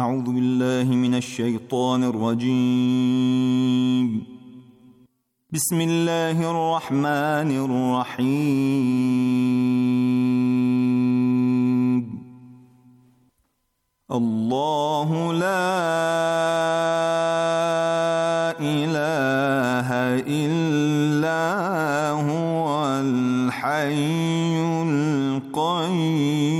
أعوذ بالله من الشيطان الرجيم بسم الله الرحمن الرحيم الله لا إله إلا هو الحي القيوم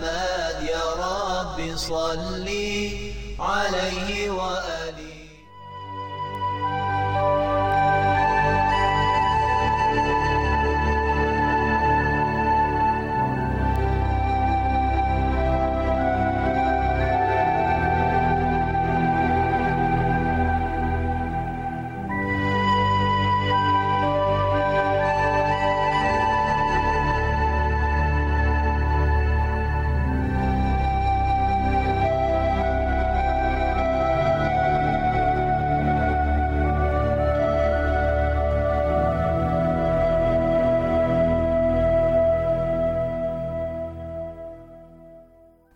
صلي عليه وآله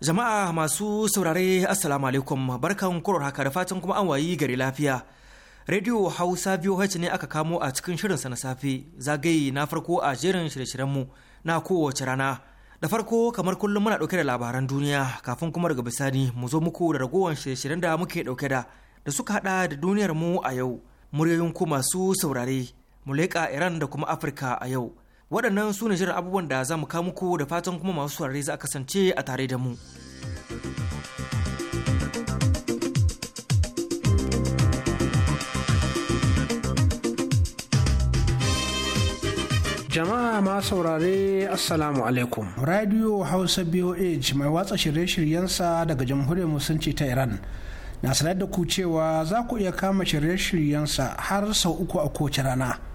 Jama'a masu saurare Assalamu alaikum barkan kurar haka da fatan kuma an wayi gari lafiya. Radio Hausa biyu VOH ne aka kamo a cikin shirin sa na safe zagaye na farko a jerin shirye-shiryenmu na kowace rana. Da farko kamar kullum muna dauke da labaran duniya kafin kuma daga bisani mu zo muku da ragowar shirye-shiryen da muke dauke da da suka hada da duniyar mu a yau. Muryoyin ku masu saurare mu leƙa Iran da kuma Afirka a yau. waɗannan su ne jiran abubuwan da za mu kawo muku da fatan kuma masu saurare za a kasance a tare da mu jama'a ma saurare assalamu alaikum radio hausa boh mai watsa shirye-shiryensa daga jamhuriyar musulunci ta iran na sanar da ku cewa za ku iya kama shirye-shiryensa har sau uku a kowace rana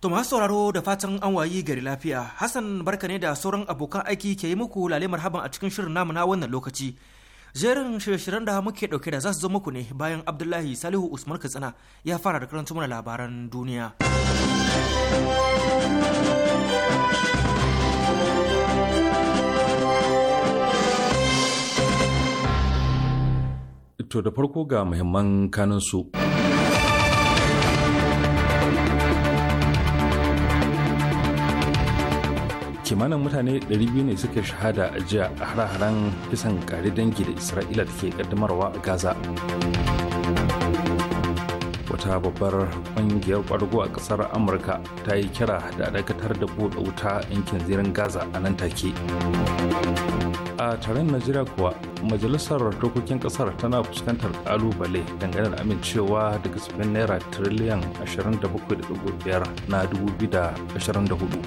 To masu sauraro da fatan an wayi gari lafiya, Hassan barka ne da sauran abokan aiki ke yi muku lale marhaban a cikin shirin namu na wannan lokaci. Jerin shirye-shiryen da muke ɗauke da za su zo muku ne bayan Abdullahi Salihu Usman Katsina ya fara da karanta mana labaran duniya. To da farko ga muhimman kanunsu. kimanin mutane 200 ne suka shahada a jiya a hare kisan kare dangi da isra'ila da ke kaddamarwa a gaza wata babbar kungiyar kwargo a kasar amurka ta yi kira da dakatar da buɗe wuta yankin zirin gaza a nan take a taron najeriya kuwa majalisar dokokin kasar tana fuskantar kalubale dangane da amincewa daga kasafin naira tiriliyan 27.5 na 2024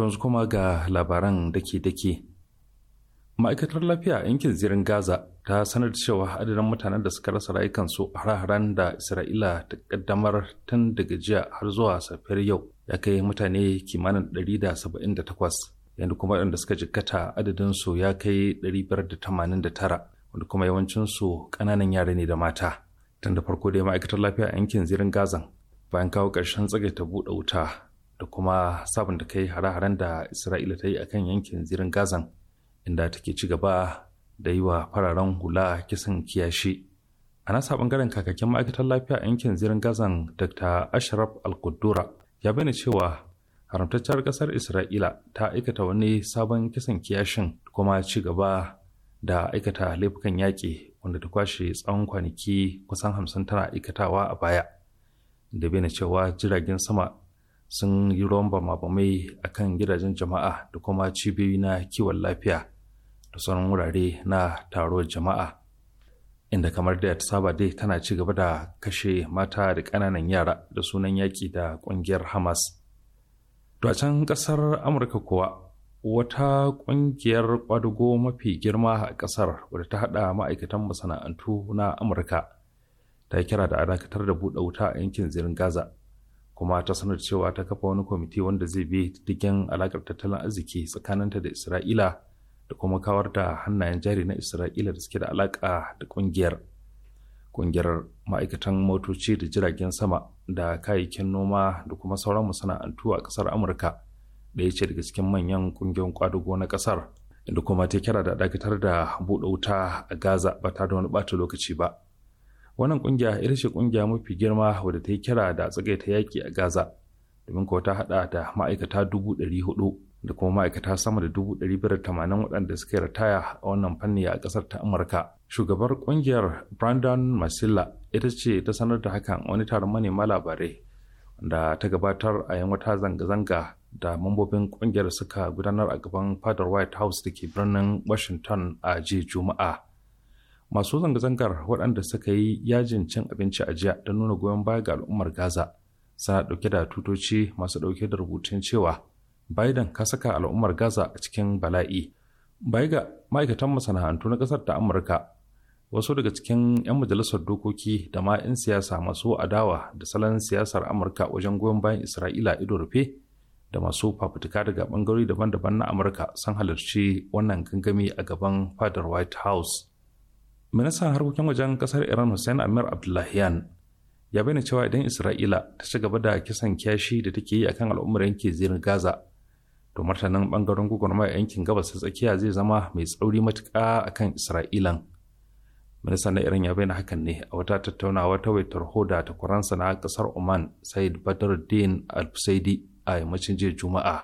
To yanzu kuma ga labaran dake-dake. Ma'aikatar lafiya a yankin zirin Gaza ta sanar da cewa adadin mutanen da suka rasa rayukansu a har haren da Isra'ila ta kaddamar tun daga jiya har zuwa safiyar yau ya kai mutane kimanin 178 yadda kuma waɗanda suka jikkata adadinsu ya kai 589 wanda kuma yawancinsu ƙananan yara ne da mata. Tun da farko dai ma'aikatar lafiya a yankin zirin Gazan bayan kawo ƙarshen tsagaita buɗe wuta da kuma sabon da kai hare-haren da isra'ila ta yi a kan yankin zirin gazan inda take ci gaba da yi wa fararen hula kisan kiyashi a nasa bangaren kakakin ma'aikatar lafiya a yankin zirin gazan dr ashraf al-kuddura ya bayyana cewa haramtacciyar kasar isra'ila ta aikata wani sabon kisan kiyashin kuma ci gaba da aikata laifukan yaƙi wanda ta kwashe tsawon kwanaki kusan hamsin tana aikatawa a baya da na cewa jiragen sama sun yi ruwan bamabamai a kan gidajen jama'a da kuma cibiyoyi na kiwon lafiya da sauran wurare na taro jama'a inda kamar da ta saba dai tana ci gaba da kashe mata da ƙananan yara da sunan yaƙi da ƙungiyar hamas to can ƙasar amurka kuwa wata ƙungiyar ƙwadugo mafi girma a ƙasar wadda ta haɗa ma'aikatan masana'antu na amurka ta kira da dakatar da buɗe wuta a yankin zirin gaza kuma ta sanar cewa ta kafa wani kwamiti wanda zai bi diddigin alakar tattalin arziki tsakaninta da isra'ila da kuma kawar da hannayen jari na isra'ila da suke da alaƙa da kungiyar kungiyar ma'aikatan motoci da jiragen sama da kayayyakin noma da kuma sauran masana'antu a kasar amurka ɗaya ce daga cikin manyan kungiyoyin kwadugo na kasar da kuma ta kira da dakatar da buɗe wuta a gaza ba tare da wani ɓata lokaci ba wannan kungiya ita ce kungiya mafi girma wadda ta yi kira da tsagaita yaki a gaza domin kuwa ta haɗa da ma'aikata dubu ɗari hudu da kuma ma'aikata sama da dubu ɗari biyar tamanin waɗanda suka yi ritaya a wannan fanni a ƙasar ta amurka shugabar kungiyar brandon masilla ita ce ta sanar da hakan wani taron manema labarai da ta gabatar a yan wata zanga-zanga da mambobin kungiyar suka gudanar a gaban fadar white house da ke birnin washington a jiya juma'a masu zanga-zangar waɗanda suka yi yajin cin abinci a jiya don nuna goyon baya ga al'ummar gaza suna ɗauke da tutoci masu ɗauke da rubutun cewa biden ka saka al'ummar gaza a cikin bala'i bai ga ma'aikatan masana'antu na ƙasar ta amurka wasu daga cikin 'yan majalisar dokoki da ma 'yan siyasa masu adawa da salon siyasar amurka wajen goyon bayan isra'ila ido rufe da masu fafutuka daga bangarori daban-daban na amurka sun halarci wannan gangami a gaban fadar white house ministan harkokin wajen kasar iran hussein amir abdullahian ya bayyana cewa idan isra'ila ta ci gaba da kisan kyashi da take yi akan al'ummar yankin zirin gaza to martanin bangaren gwagwarmaya yankin gabas ta tsakiya zai zama mai tsauri matuƙa akan isra'ilan ministan na iran ya bayyana hakan ne a wata tattaunawa ta waitar hoda ta kuransa na kasar oman said badruddin al-fusaidi a yammacin jiya juma'a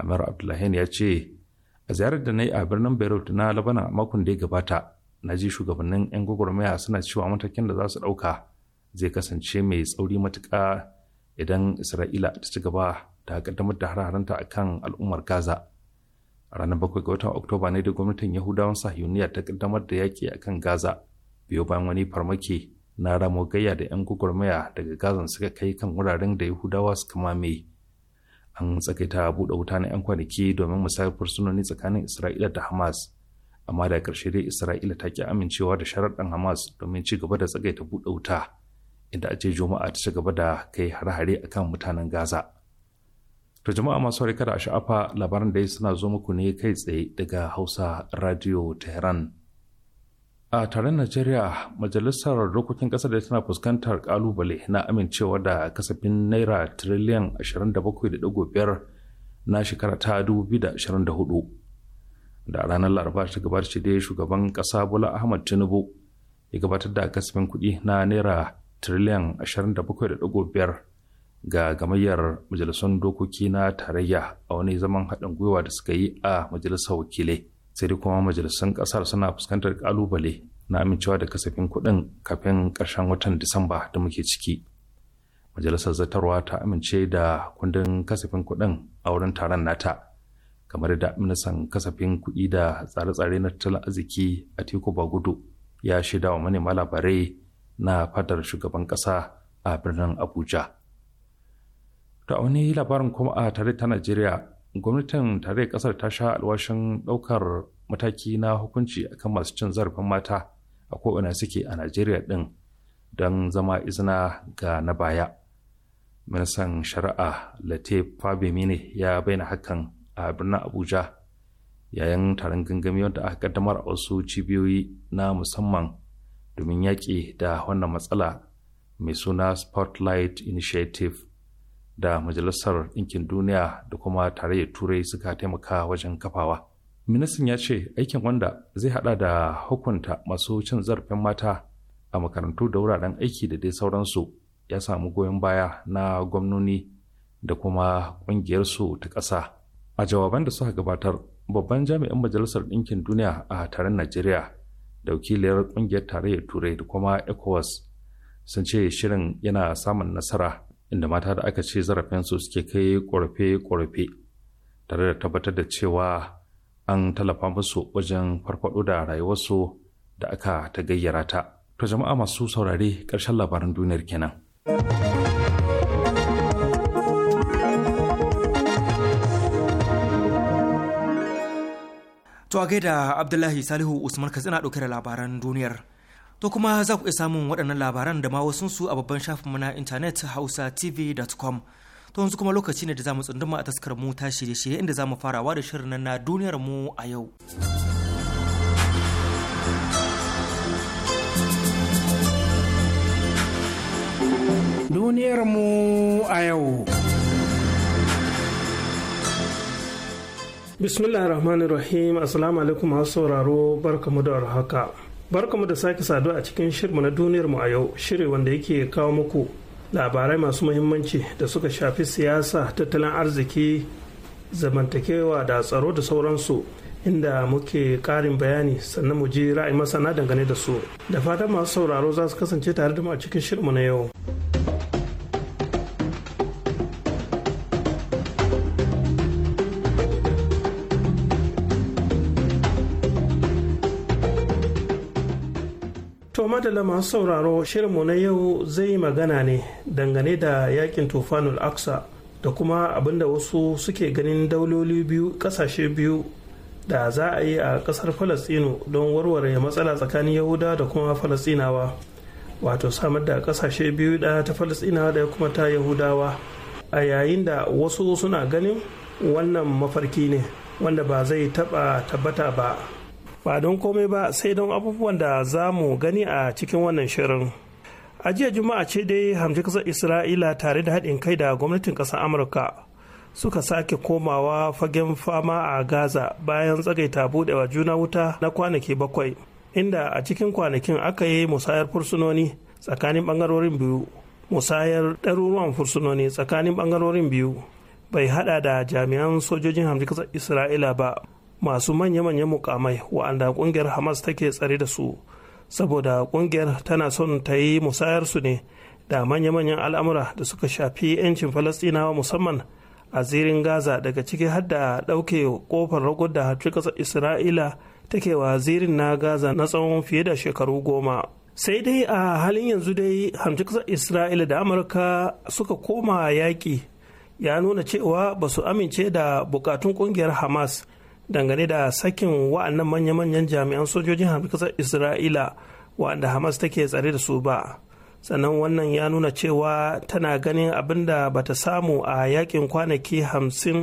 amir abdullahian ya ce a ziyarar da na yi a birnin beirut na labanan makon da ya gabata na ji shugabannin 'yan gwagwarmaya suna cewa matakin da za su ɗauka zai kasance mai tsauri matuka idan isra'ila ta ci gaba da kaddamar da har-haranta a kan al'ummar gaza a ranar bakwai ga watan oktoba ne da gwamnatin yahudawan sahiyuniya ta kaddamar da yaƙi a kan gaza biyo bayan wani farmaki na ramo gayya da 'yan gwagwarmaya daga gazan suka kai kan wuraren da yahudawa suka mame an tsakaita buɗe wuta na 'yan kwanaki domin musayar fursunoni tsakanin isra'ila da hamas amma da ƙarshe dai isra'ila ta ki amincewa da sharaɗin hamas domin ci gaba da tsagaita buɗe wuta inda a ce juma'a ta ci gaba da kai hare-hare akan mutanen gaza to jama'a masu harika da sha'afa labaran da suna zo muku ne kai tsaye daga hausa radio tehran a taron najeriya majalisar dokokin ƙasa da tana fuskantar kalubale na amincewa da kasafin naira tiriliyan 27.5 na shekara ta 2024 da ranar laraba ta shi ce dai shugaban kasa bola ahmad tinubu ya gabatar da kasafin kuɗi na naira tiriliyan ashirin da da 27.5 ga gamayyar majalisun dokoki na tarayya a wani zaman haɗin gwiwa da suka yi a majalisar wakilai sai dai kuma majalisun ƙasar suna fuskantar ƙalubale na amincewa da kasafin kuɗin kafin ƙarshen watan disamba da muke ciki majalisar zartarwa ta amince da kundin kasafin kuɗin a wurin taron nata kamar da minisan kasafin kuɗi da tsare-tsare na tattalin arziki a teku bagudu ya shaida wa manema labarai na fadar shugaban ƙasa a birnin abuja ta wani labarin kuma a tare ta najeriya gwamnatin tare ƙasar ta sha alwashin ɗaukar mataki na hukunci akan masu cin zarafin mata a ko'ina suke a najeriya ɗin don zama izina ga na baya ministan shari'a latif ne ya bayyana hakan a birnin abuja yayin taron gangami wanda aka kaddamar a wasu cibiyoyi na musamman domin yaƙi da wannan matsala mai suna spotlight initiative da majalisar ɗinkin duniya da kuma tarayyar turai suka taimaka wajen kafawa ministan ya ce aikin wanda zai haɗa da hukunta masu cin zarafin mata a makarantu da wuraren aiki da dai sauransu ya samu goyon baya na gwamnoni da kuma ƙungiyarsu ta ƙasa a jawaban da suka gabatar babban jami'in majalisar ɗinkin duniya a taron najeriya da wakiliyar ƙungiyar tarayyar turai da kuma ecowas sun ce shirin yana samun nasara inda mata da aka ce zarafinsu suke kai ƙorafe-ƙorafe tare da tabbatar da cewa an tallafa musu wajen farfaɗo da rayuwarsu da aka ta gayyara ta. To jama'a masu saurare ƙarshen labaran duniyar kenan. To a gaida Abdullahi Salihu Usman Katsina ɗauke da labaran duniyar. To kuma za ku iya samun waɗannan labaran da ma wasu su a babban shafinmu na intanet hausa hausatv.com. To yanzu kuma lokaci ne da za mu tsunduma a taskar mu ta shirye-shirye inda za mu farawa da shirin na duniyar mu a yau. Duniyar mu a yau. bismillah rahmanir rahim assalamu alaikum masu sauraro barkamu da warhaka barkamu da sake saduwa a cikin shirmu na duniyar mu a yau shiri wanda yake kawo muku labarai masu muhimmanci da suka shafi siyasa tattalin arziki zamantakewa da tsaro da sauransu inda muke karin bayani sannan mu ji ra'ayi masana dangane da su da fatan masu sauraro za su kasance tare da mu a cikin shirmu na yau madalla masu sauraro shirinmu na yau zai magana ne dangane da yakin tufanul aksa da kuma abinda wasu suke ganin dauloli biyu kasashe biyu da za a yi a kasar falastinu don warware matsala tsakanin yahuda da kuma falastinawa wato samar da kasashe biyu da ta falastinawa da kuma ta yahudawa a yayin da wasu suna ganin wannan mafarki ne wanda ba zai taba tabbata ba ba don komai ba sai don abubuwan da za mu gani a cikin wannan shirin a jiya juma'a ce dai hamji kasar isra'ila tare da haɗin kai da gwamnatin ƙasar amurka suka sake komawa fagen fama a gaza bayan tsagaita buɗewa juna wuta na kwanaki bakwai inda a cikin kwanakin aka yi musayar fursunoni tsakanin ɓangarorin biyu musayar ɗaruruwan fursunoni tsakanin ɓangarorin biyu bai hada da jami'an sojojin hamji kasar isra'ila ba masu manya-manyan mukamai wa'anda kungiyar hamas take tsare da su saboda kungiyar tana son ta yi musayar su ne da manya-manyan al'amura da suka shafi 'yancin falastinawa musamman a zirin gaza daga ciki har da ɗauke kofar ragon da ƙasar isra'ila take wa zirin na gaza na tsawon fiye da shekaru goma sai dai a halin yanzu dai hamci ƙasar isra'ila da amurka suka koma yaƙi ya nuna cewa ba su amince da bukatun ƙungiyar hamas dangane da sakin wa'annan manya-manyan jami'an sojojin kasar isra'ila wa'anda hamas take tsare da su ba sannan wannan ya nuna cewa tana ganin abin da bata samu a yakin kwanaki hamsin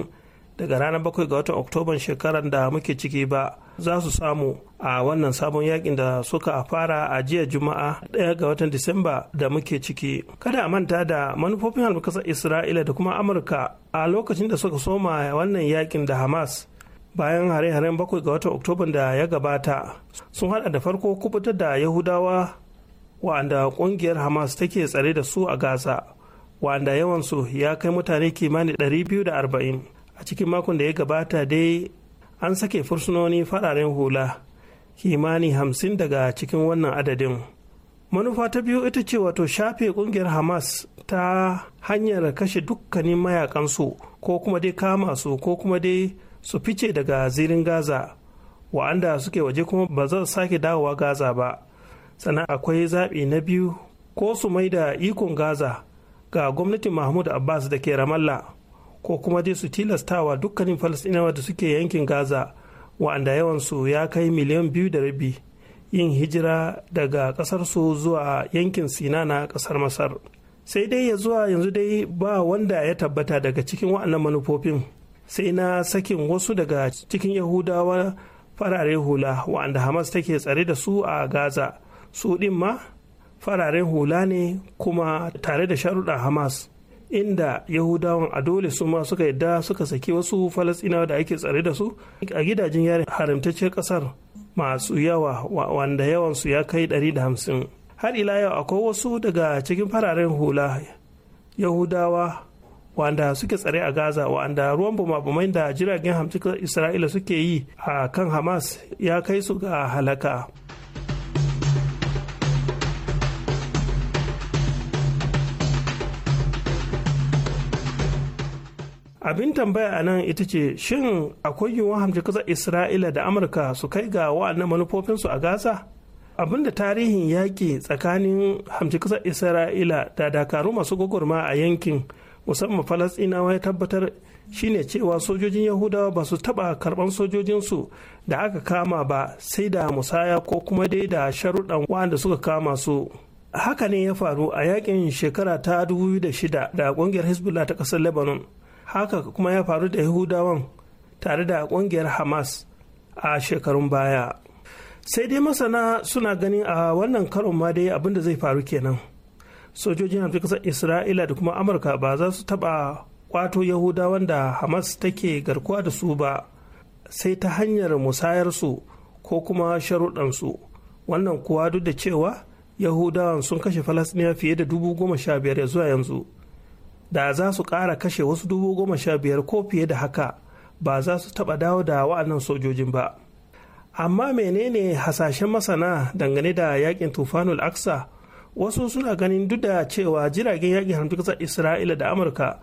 daga ranar bakwai ga watan oktoban shekarar da muke ciki ba za su samu a wannan sabon yakin da suka fara a jiya juma'a ɗaya ga watan disamba da muke ciki kada a manta da manufofin halbukasar isra'ila da kuma amurka a lokacin da suka soma wannan yakin da hamas bayan hare-haren bakwai ga watan oktoban da ya gabata sun hada da farko kubutar da yahudawa wa'anda kungiyar hamas take tsare da su a gaza wa'anda yawansu ya kai mutane kimanin arba'in a cikin makon da ya gabata dai an sake fursunoni fararen hula kimani hamsin daga cikin wannan adadin manufa ta biyu ita ce wato shafe kungiyar hamas ta hanyar kashe dukkanin mayakansu ko kuma dai kama su ko kuma dai su fice daga zirin gaza wa'anda suke waje kuma ba za su sake dawowa gaza ba sannan akwai zaɓi na biyu ko su mai da ikon gaza ga gwamnatin mahmud abbas da ke ramallah ko kuma dai su tilastawa dukkanin Falasɗinawa da suke yankin gaza wa'anda yawansu ya kai miliyan biyu da rabi yin hijira daga ƙasarsu zuwa yankin sina na ƙasar masar sai dai ya zuwa yanzu dai ba wanda ya tabbata daga cikin waɗannan manufofin sai na sakin wasu daga cikin yahudawa fararen hula waɗanda hamas take tsare da su a gaza su ɗin ma fararen hula ne kuma tare da sharuɗa hamas inda yahudawan a dole su ma suka yadda suka saki wasu falasinawa da ake tsare da su a gidajen yare haramtacciyar ƙasar masu yawa wanda yawansu ya kai da hamsin har ila yau akwai wasu daga cikin fararen hula yahudawa wanda suke tsare a gaza wanda ruwan bumabumai da jiragen hamsin isra'ila suke yi a kan hamas ya kai su ga halaka abin tambaya a nan ita ce shin akwai yiwuwar hamci kasar isra'ila da amurka su kai ga wa'annan manufofinsu a gaza abinda tarihin yaƙi tsakanin hamci kasar isra'ila da dakaru masu gwagwarma a yankin musamman falasɗinawa ya tabbatar shine cewa sojojin yahudawa ba su taɓa karɓan sojojinsu da aka kama ba sai da musaya ko kuma dai da sharuɗan wanda suka kama su haka ne ya faru a yakin shekara ta 2006 da ƙungiyar hezbollah ta ƙasar lebanon haka kuma ya faru da yahudawan tare da ƙungiyar hamas a shekarun baya sai dai masana suna ganin a wannan karon ma dai abinda zai faru kenan. sojojin hamsin isra'ila da kuma amurka ba za su taɓa kwato yahudawan da hamas take garkuwa da su ba sai ta hanyar musayarsu ko kuma sharuɗansu wannan kuwa duk da cewa yahudawan sun kashe falasniya fiye da dubu goma sha biyar zuwa yanzu da za su ƙara kashe wasu dubu goma sha biyar ko fiye da haka ba za su taɓa dawo da wa'annan sojojin ba amma menene hasashen masana dangane da yakin tufanul aksa wasu suna ganin duk da cewa jiragen yaƙin hamsin ƙasar isra'ila da amurka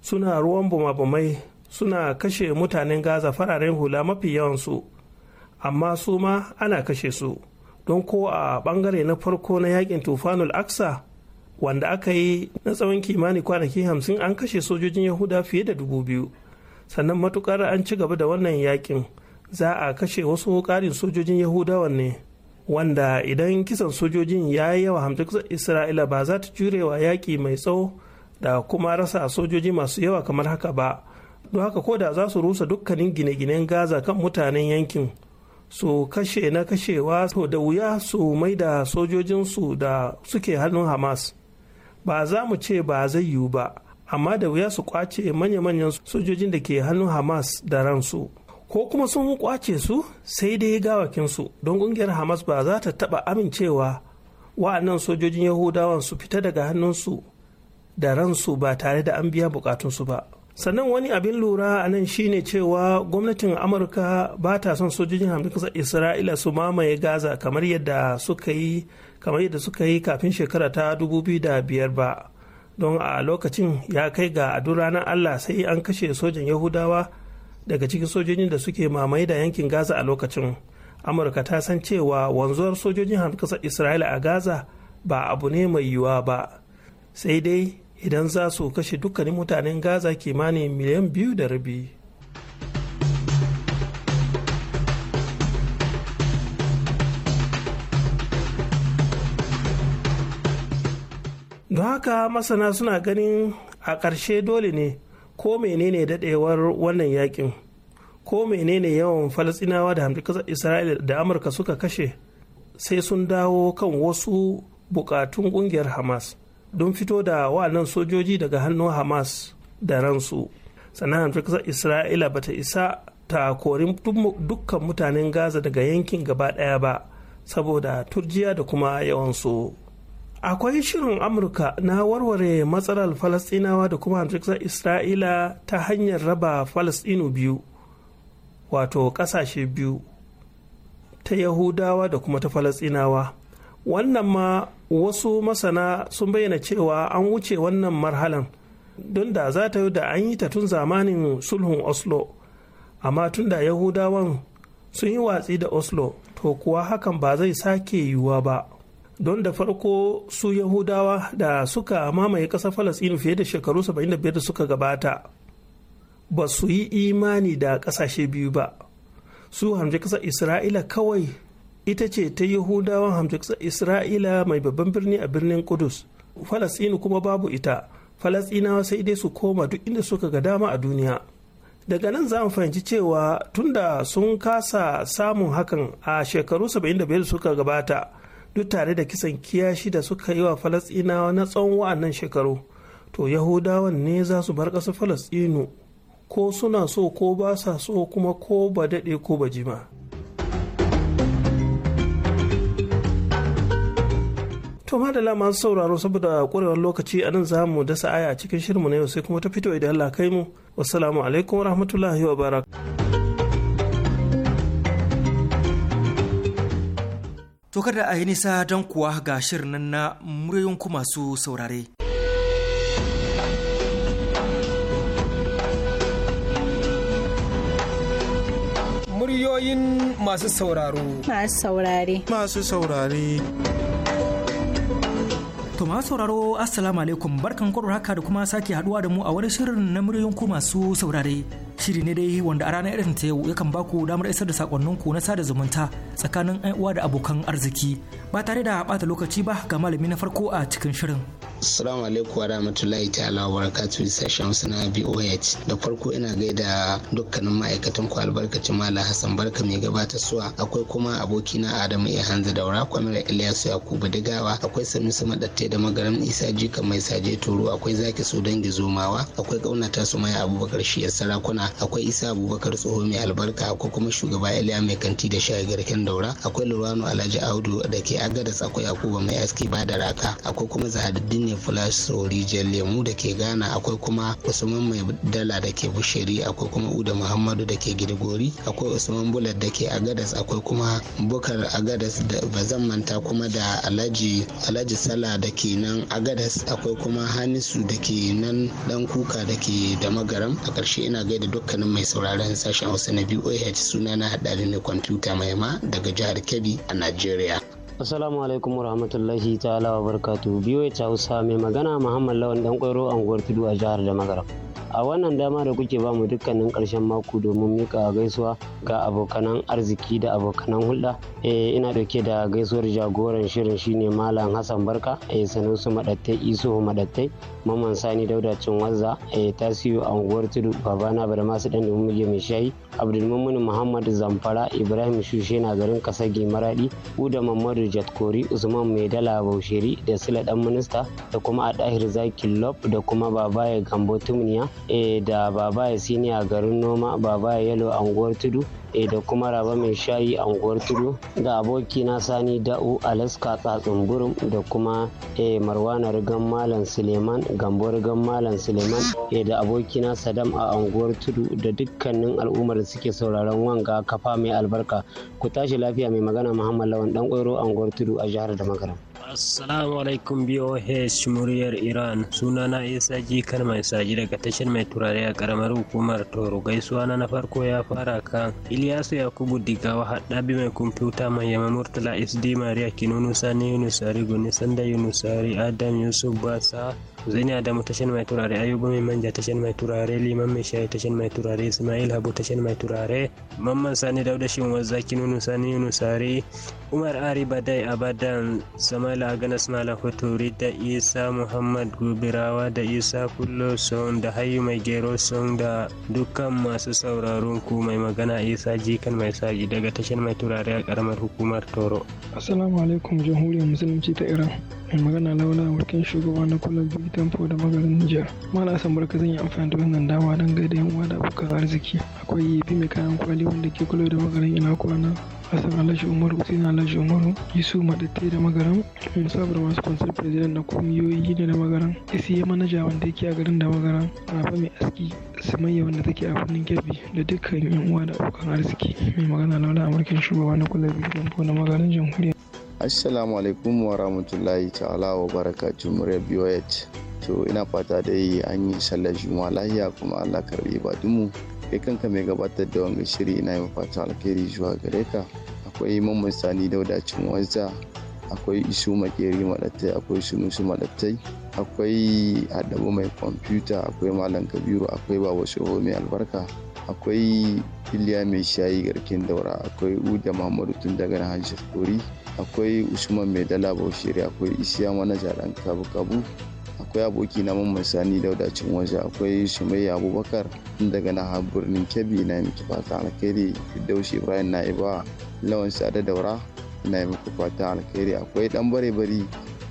suna ruwan bumabumai suna kashe mutanen gaza fararen hula mafi yawansu amma su ma ana kashe su don ko a bangare na farko na yakin tufanul aksa wanda aka yi na tsawon kimanin kwanaki hamsin an kashe sojojin yahuda fiye da dubu biyu sannan matukar an ci gaba da wannan yakin za a kashe wasu ƙarin sojojin yahudawan ne wanda idan kisan sojojin ya yi yawa hamta kusan isra'ila ba za ta jurewa yaƙi mai tsawo da kuma rasa sojoji masu yawa kamar haka ba don haka ko da za su rusa dukkanin gine-ginen gaza kan mutanen yankin su kashe na kashewa to da wuya su mai da sojojinsu da suke hannun hamas ba za mu ce ba zai yiwu ba amma da wuya su kwace manya-manyan sojojin da ke hannun hamas da ransu. ko kuma sun kwace su sai dai gawakinsu don ƙungiyar hamas ba za ta taɓa amincewa wa'annan sojojin yahudawan su fita daga hannunsu da ransu ba tare da an biya bukatunsu ba sannan wani abin lura a nan shine cewa gwamnatin amurka ba ta son sojojin hamdukasar isra'ila su mamaye gaza kamar yadda suka yi kamar yadda suka yi kafin shekara ta 2005 ba don a lokacin ya kai ga adu ranar allah sai an kashe sojan yahudawa daga cikin sojojin da suke mamaye da yankin gaza a lokacin amurka ta san cewa wanzuwar sojojin hamkasar isra'ila a gaza ba abu ne mai yiwuwa ba sai dai idan za su kashe dukkanin mutanen gaza kimanin miliyan biyu da rabi don haka masana suna ganin a ƙarshe dole ne ko menene dadewar wannan yakin ko menene yawan falasinawa da hamdukasar isra'ila da amurka suka kashe sai sun dawo kan wasu bukatun kungiyar hamas don fito da wa'annan sojoji daga hannun hamas da ransu sannan kasar isra'ila bata isa ta korin dukkan mutanen gaza daga yankin gaba daya ba saboda turjiya da kuma yawan yawansu. akwai shirin amurka na warware matsalar falastinawa da kuma hamsar isra'ila ta hanyar raba falastinu biyu wato ƙasashe biyu ta yahudawa da kuma ta falastinawa wannan ma wasu masana sun bayyana cewa an wuce wannan marhalan don da za ta yi da an yi ta tun zamanin sulhun oslo amma tun da yahudawan sun yi watsi da oslo to kuwa hakan ba zai sake yiwuwa ba don da farko su yahudawa da suka mamaye ƙasar falasɗinu fiye da shekaru 75 da suka gabata ba su yi imani da ƙasashe biyu ba su hamji ƙasar isra'ila kawai ita ce ta yahudawan hamji ƙasar isra'ila mai babban birni a birnin kudus falasɗinu kuma babu ita falasɗinawa sai dai su koma duk inda suka ga dama a duniya daga nan za mu fahimci cewa tunda sun kasa samun hakan a shekaru 75 da suka gabata duk tare da kisan kiyashi da suka yi wa falasɗinawa na tsawon wa'annan shekaru to yahudawan ne za su bar ƙasar falasɗinu ko suna so ko ba sa so kuma ko ba daɗe ko ba jima to madala masu sauraro saboda ƙwarewar lokaci a nan za mu dasa aya a cikin shirmu na yau sai kuma ta fito idan Allah kai mu wasu alaikum wa wabarakatuh kada a yi nisa don kuwa ga shirin nan na muryoyin ku masu saurare. Muryoyin masu sauraro. Masu saurare. Masu saurare. To ma sauraro Assalamu alaikum barkan kwaro haka da kuma sake haduwa da mu a wani shirin na muryoyin ku masu saurare. Shiri ne dai wanda a ranar irin ta yau yakan baku damar isar da sakonnin ku na sada zumunta tsakanin uwa da abokan arziki ba tare da bata lokaci ba ga malami na farko a cikin shirin. Assalamu alaikum wa rahmatullahi ta'ala wa barakatuhu sashen suna BOH. Da farko ina gaida dukkanin ma'aikatan ku albarkacin Malam Hassan Barka mai gabata suwa. Akwai kuma abokina Adamu E Hanzu Daura, Kwamira Ilyasu Yakubu Digawa, akwai Sanusi Madatte da Magaram Isa Jika mai saje turu akwai Zaki su dangi zomawa, akwai ƙaunata su mai Abubakar shi ya Sarakuna, akwai Isa Abubakar Tsoho mai albarka, akwai kuma shugaba Iliya mai kanti da shayi garken Daura, akwai Lurano Alhaji Audu da ke agada akwai Yakubu mai aski ba da raka, akwai kuma Zahaduddin ne filaso rijiyar lemu da ke ghana akwai kuma usman mai dala da ke bushiri akwai kuma uda muhammadu da ke girgori akwai usman bulat da ke agadas akwai kuma bukar agadas da bazan manta kuma da alhaji alhaji sala da ke nan agadas akwai kuma hanisu da ke nan dan kuka da ke da magaram a karshe ina gaida dukkanin mai sauraron sashen hausa na boh suna na hadari ne kwamfuta mai ma daga jihar kebbi a najeriya Assalamu alaikum warahmatullahi ta'ala wa barkatu biyo ya Hausa mai magana Muhammad Lawan dan kwairo anguwar Tudu a jihar da magara A wannan dama da kuke bamu dukkanin ƙarshen mako domin mika gaisuwa ga abokanan arziki da abokanan hulɗa. E, ina ɗauke da gaisuwar jagoran shirin shine Malam Hassan Barka, e, eh, su Maɗattai, Isuhu madattai. Mamman Sani Dauda cin wanza a eh, tasiri a unguwar Tudu Babana masu Dan Dumuje Mai Shayi Abdulmumin Muhammadu Zamfara Ibrahim Shushe na garin Kasagi Maradi Uda Mamadu Jatkori Usman Mai Dala Bausheri da Sila Dan Minista da kuma Adahir Zaki Lop da kuma Babaye Gambo Tumniya eh, da Babaye Siniya garin Noma Babaye Yalo a unguwar Tudu da kuma raba mai shayi a unguwar tudu da aboki na sani da'u alaska tsatsumburum da kuma eh, marwana rigan malam suleiman gambo rigan malam suleiman eh, da aboki na sadam a unguwar tudu da dukkanin al'ummar da suke sauraron wanga kafa mai albarka ku tashi lafiya mai magana muhammad lawan dan kwairo unguwar tudu a jihar da magaram Assalamu alaikum BOH muryar Iran suna sunana Isa Jikar mai saji daga tashar mai turare a karamar hukumar Toro gaisuwa na na farko ya fara kan ili Ilyasu Yakubu Digawa Haɗabi mai kwamfuta mai yamma Murtala SD Maria Kinono Sani Yunusari Gune Sanda Yunusari Adam Yusuf Basa Zaini Adamu tashar mai turare Ayuba mai manja tashar mai turare Liman mai shayi tashar mai turare Ismail Habu tashar mai turare Mamman Sani Dauda Shin Wazzaki Nunu Sani Yunus sari Umar Ari Badai Abadan Samala agana Mala Hoturi da Isa Muhammad Gubirawa da Isa Kullo son da Hayu Mai Gero son da dukkan masu sauraron ku mai magana Isa Jikan Mai Saji daga tashar mai turare a karamar hukumar Toro. Assalamu alaikum jamhuriyar musulunci ta Iran. mai magana launa amurkin shugaba na kullum big fo da magarin nijar mana san barka zan yi amfani da wannan dama don gaida yan uwa da abokan arziki akwai yabi mai kayan kwali wanda ke kula da magarin ina kwana Hassan Alhaji Umar Hussein Alhaji Umaru Yusuf Madatte da Magaran sabar masu Kwansil President na kungiyoyi ne da Magaran ya Manaja wanda yake a garin da Magaran Rafa Mai Aski Sumayya wanda take a fannin kirfi da dukkan yan uwa da abokan arziki mai magana Laula Amurkin shugaba na kula biyu da magarin Jamhuriyar assalamu alaikum wa rahmatullahi ta'ala wa barakatuh muryar biyoyet to ina fata dai an yi sallar juma'a lahiya kuma allah karbi dumu. kai kanka mai gabatar da wani shiri ina yi fata alkhairi zuwa gare ka akwai mamman sani cin wanzu. akwai isu makeri madattai akwai sunusu madattai akwai adabu mai kwamfuta akwai malam kabiru akwai baba soho mai albarka akwai iliya mai shayi garkin daura akwai uda muhammadu tun daga na hajjar kori akwai usman mai dala baushiri akwai isiya manaja dan kabu kabu akwai aboki na mamman sani dauda cin waje akwai sumayya abubakar daga na birnin kebbi na miki fata alkhairi daushe ibrahim na iba lawan sada daura ina yi maka fata alkhairi akwai dan bare bari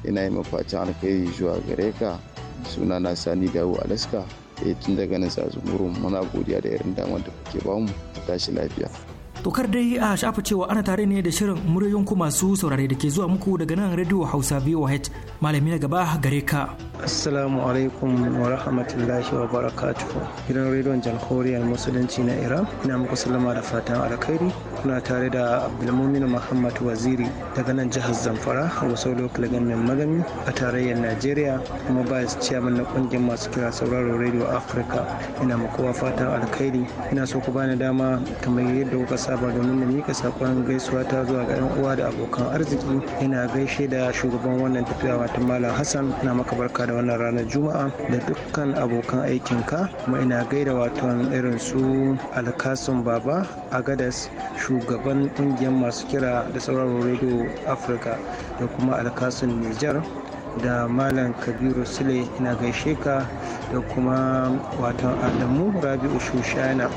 ina yi maka fata alkhairi zuwa gare ka suna na sani dawo alaska e tun daga nan tsatsun muna godiya da irin damar da kuke bamu tashi lafiya To dai a shafa cewa ana tare ne da shirin muryoyin ku masu saurare da ke zuwa muku daga nan Radio Hausa VOH malami na gaba gare ka. Assalamu alaikum wa rahmatullahi wa barakatuh. Gidan rediyon Jamhuriyar Musulunci na Iran ina muku sallama da fatan alkhairi kuna tare da Abdulmumin Muhammad Waziri daga nan jihar Zamfara a wasu lokacin magami magani a tarayyar Najeriya kuma ba su na kungiyar masu kira sauraro Radio Africa ina muku fatan alkhairi ina so ku bani dama kamar yadda kuka sa maraba domin da mika sakon gaisuwa ta zuwa ga yan uwa da abokan arziki ina gaishe da shugaban wannan tafiya wata malam hassan na maka barka da wannan ranar juma'a da dukkan abokan aikinka kuma ina gaida wato irin su alkasun baba a agadas shugaban kungiyar masu kira da sauraron rediyo afirka da kuma alkasun nijar da malam kabiru sule ina gaishe ka da kuma watan adamu rabi'u shushana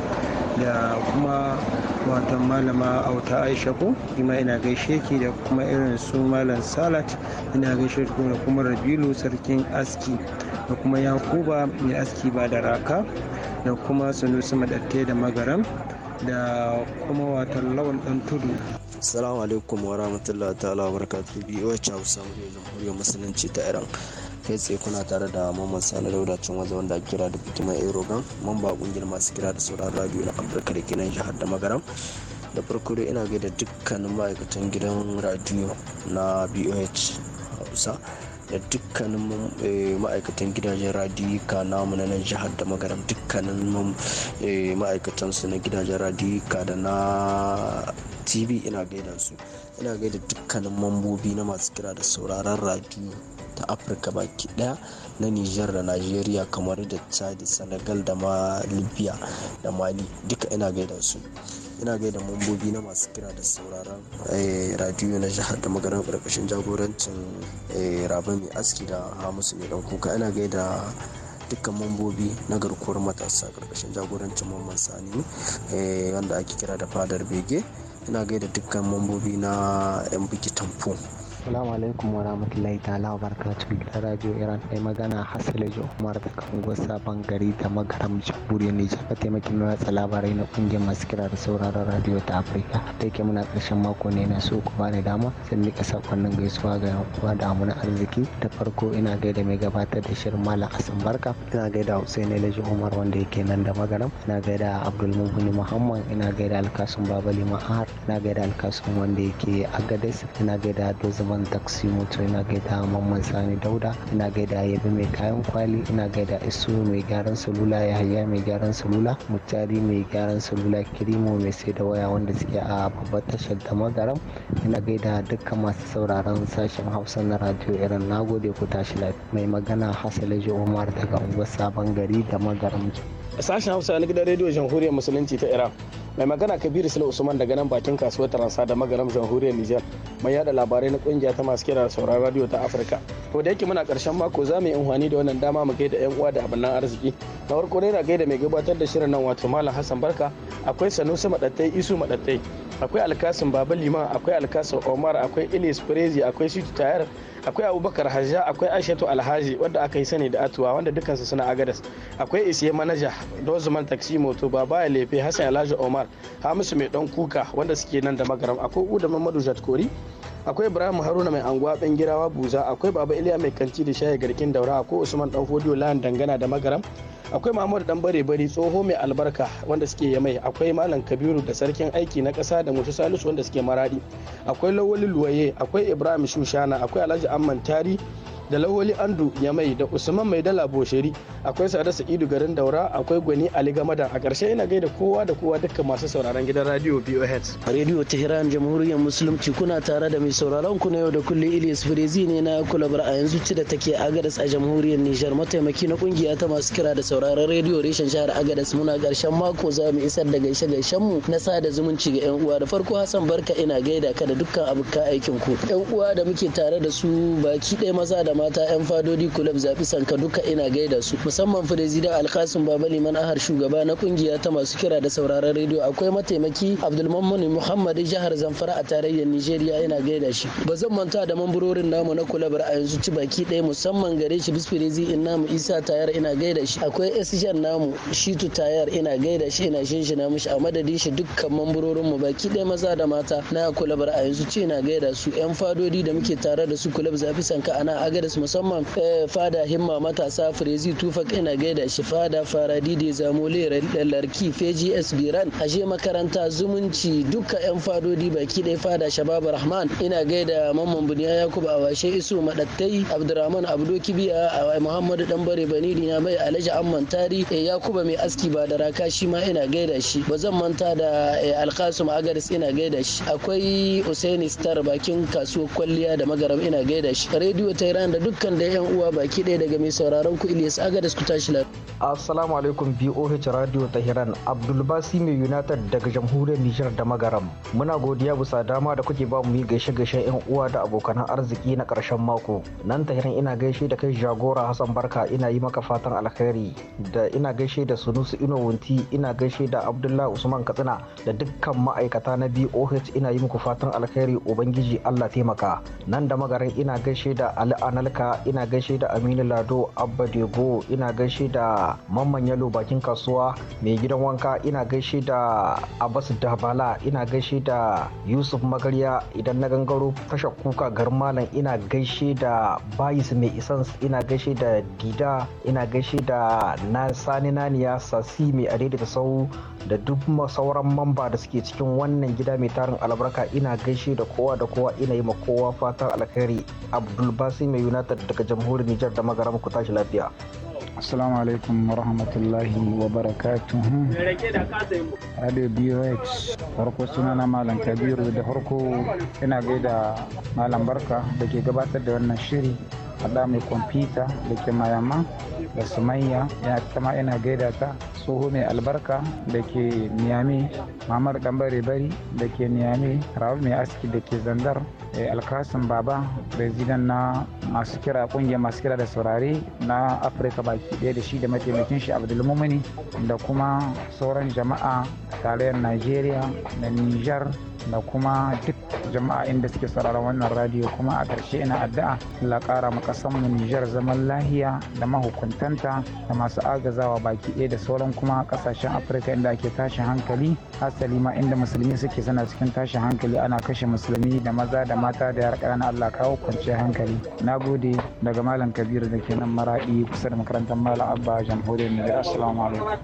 da kuma watan malama auta aisha ko ima ina gaishe ki da kuma irin su malam salat ina gaishe ki da kuma rabilu sarkin aski da kuma yakuba mai aski ba da raka da kuma sanusi madatte da magaram da kuma watan lawan dan tudu assalamu alaikum wa rahmatullahi ta'ala wa barakatuhu biyu wacce hausa muryar musulunci ta iran kai tsaye kuna tare da mamman sani dauda cin waza wanda a kira da fitiman erogan mamba kungiyar masu kira da sauran radio na afirka da kenan jihar da magaram da farko dai ina gaida dukkanin ma'aikatan gidan radio na boh hausa da dukkanin eh, ma'aikatan gidajen radiyika namu na nan jihar da magaram dukkanin eh, su na gidajen ka da na tv ina gaida su ina gaida dukkanin mambobi na masu kira da sauraron radiyo ta afirka baki daya na nijar da najeriya kamar da chad senegal da ma libya da mali duka ina gaida su ina gaida mambobi na masu kira da sauraron eh, radiyo na jihar da magana karkashin jagorancin eh, rabe mai aski da hamisu mai dan kuka ina gaida dukkan mambobi na garkuwar matasa karkashin jagorancin mamman sani eh, wanda ake kira da fadar bege ina gaida dukkan mambobi na yan biki tamfo Assalamu alaikum wa rahmatullahi ta'ala wa barakatuhu da Radio Iran mai magana Hassalajo Umar da Kango Sabon Gari da Magaram Jamhuriyar Nijar ka taimaki mai watsa labarai na kungiyar masu kira da sauraron radio ta Afirka da yake muna karshen mako ne na so ku bani dama zan mika sakonnin gaisuwa ga uwa da amuna arziki da farko ina gaida mai gabatar da shirin Malam Asan Barka ina gaida Hussein Elaji Umar wanda yake nan da Magaram ina gaida Abdul Mubini Muhammad ina gaida Alkasum Babali Ma'ar ina gaida Alkasum wanda yake Agades ina gaida Dozin usman taxi moto ina gaida mamman sani dauda ina gaida yabi mai kayan kwali ina gaida isu mai gyaran salula yahaya mai gyaran salula mutari mai gyaran salula kirimo mai sai da waya wanda suke a babbar tashar da magaram ina gaida dukkan masu sauraron sashen hausa na radio irin nagode ku tashi lafiya mai magana hasalaji umar daga unguwar sabon gari da magaram sashen hausa na gidan rediyo jamhuriyar musulunci ta iran mai magana kabiru sula usman daga nan bakin kasuwar taransa da magaram jamhuriyar nijar mai yada labarai na kungiya ta masu kira sauran radio ta afirka to da yake muna karshen mako za mu yi amfani da wannan dama mu gaida yan uwa da nan arziki na farko dai na gaida mai gabatar da shirin nan wato malam hassan barka akwai sanusi madattai isu madattai akwai alkasin baba liman akwai alkasin omar akwai ilis prezi akwai shitu tayar akwai abubakar hajja akwai aishatu alhaji wanda aka yi sani da atuwa wanda dukansu suna agadas akwai isiye manaja dozuman taxi moto baba ya lefe hassan alhaji omar hamisu mai dan kuka wanda suke nan da magaram akwai uda mamadu jatkori akwai ibrahim haruna mai anguwa girawa buza akwai baba iliya mai kanti da shaye garkin daura akwai usman dan fodiyo layan dangana da magaram akwai muhammadu dan bare bari tsoho mai albarka wanda suke mai akwai malam kabiru da sarkin aiki na ƙasa da musu salisu wanda suke maradi akwai lawali luwaye akwai ibrahim shushana akwai alhaji amman tari da Laholi Andu ya mai da Usman Mai Dala Bosheri akwai Sada Sa'idu garin Daura akwai Gwani Ali Gamada a ƙarshe ina gaida kowa da kowa dukkan masu sauraron gidan radio BOH. Radio Tehran Jamhuriyar Musulunci kuna tare da mai sauraron ku na yau da kullum Ilyas Firezi ne na kulabar a yanzu ci da take Agadas a Jamhuriyar Nijar mataimaki na kungiya ta masu kira da sauraron radio reshen jihar Agadas muna ƙarshen mako za mu isar da gaishe gaishen mu na sada zumunci ga 'yan uwa da farko Hassan Barka ina gaida ka da dukkan abokan aikin ku. 'Yan uwa da muke tare da su baki ɗaya maza da mata 'yan fadodi kulab zaɓi sanka duka ina gaida su musamman firezidan alkasim baba liman ahar shugaba na kungiya ta masu kira da sauraron rediyo akwai mataimaki abdulmamun muhammad jihar zamfara a tarayyar nigeria ina gaida shi ba zan manta da mamburorin namu na kulab a yanzu ci baki ɗaya musamman gare shi bisfirezi in namu isa tayar ina gaida shi akwai esjan namu shitu tayar ina gaida shi ina shinshina mishi a madadin shi dukkan mamburorin mu baki ɗaya maza da mata na kulab a yanzu ci ina gaida su 'yan fadodi da muke tare da su kulab zafi sanka ana agada Paris musamman eh, fada himma matasa Frezi Tufa ina gaida shi fada Faradi da Zamole Larki Feji S Biran ashe makaranta zumunci duka yan fadodi baki ɗaya fada Shababu, Rahman ina gaida Mamman Buniya Yakubu Awashe Isu Madattai Abdurrahman Abdo Kibiya Muhammadu Danbare, bani dina mai Alhaji Amman Tari eh, Yakuba mai aski ba da raka shi ma ina gaida shi ba manta da eh, Alkasum Agaris ina gaida shi akwai Usaini Star bakin kasuwar kwalliya da magaram ina gaida shi rediyo Tehran da dukkan da yan uwa baki ɗaya daga mai sauraron ku Ilyas da ku tashi lafiya. Assalamu alaikum BOH Radio Tahiran Abdulbasi mai United daga jamhuriyar Nijar da Magaram. Muna godiya bisa dama da kuke ba mu yi gaishe-gaishe yan uwa da abokan arziki na ƙarshen mako. Nan Tahiran ina gaishe da kai jagora Hassan Barka ina yi maka fatan alkhairi da ina gaishe da Sunusu Inowunti ina gaishe da Abdullahi Usman Katsina da dukkan ma'aikata na BOH ina yi muku fatan alkhairi Ubangiji Allah taimaka. Nan da Magaran ina gaishe da Ali Anal zalika ina gaishe da aminu lado abba debo ina gaishe da mamman yalo bakin kasuwa mai gidan wanka ina gaishe da abbas dabala ina gaishe da yusuf magarya idan na gangaro tashar kuka garin malam ina gaishe da bayis mai isans ina gaishe da dida ina gaishe da na sani naniya sasi mai adaidaita sau da duk sauran mamba da suke cikin wannan gida mai tarin albarka ina gaishe da kowa da kowa ina yi ma kowa fatan alkhairi abdulbasi mai yuna United daga jamhuriyar Nijar da magara muku tashi lafiya. Assalamu alaikum wa rahmatullahi wa barakatuhu. Radio BOX farko na Malam Kabiru da farko ina gaida Malam Barka da ke gabatar da wannan shiri haɗa mai kwamfuta da ke mayama da sumayya ya kama ina gaida ta tsoho mai albarka da ke niyami mamar ɗanbare bari da ke niyami rawar mai aski da ke zandar eh, alkasin baba rezidan na masu kira kungiyar masu kira da saurare na afirka baki ɗaya da shi da mataimakin shi abdulmumini da kuma sauran jama'a tarayyar Nigeria da Niger. da kuma duk jama'a inda suke sauraron wannan radio kuma a ƙarshe ina addu'a la ƙara mu ƙasar mu Nijar zaman lahiya da mahukuntanta da masu agazawa baki ɗaya da sauran kuma ƙasashen Afirka inda ake tashin hankali hasali ma inda musulmi suke sana cikin tashin hankali ana kashe musulmi da maza da mata da yara ƙana Allah kawo kwanciyar hankali na gode daga Malam Kabiru da ke nan maraɗi kusa da makarantar Malam Abba jamhuriyar Nijar assalamu alaikum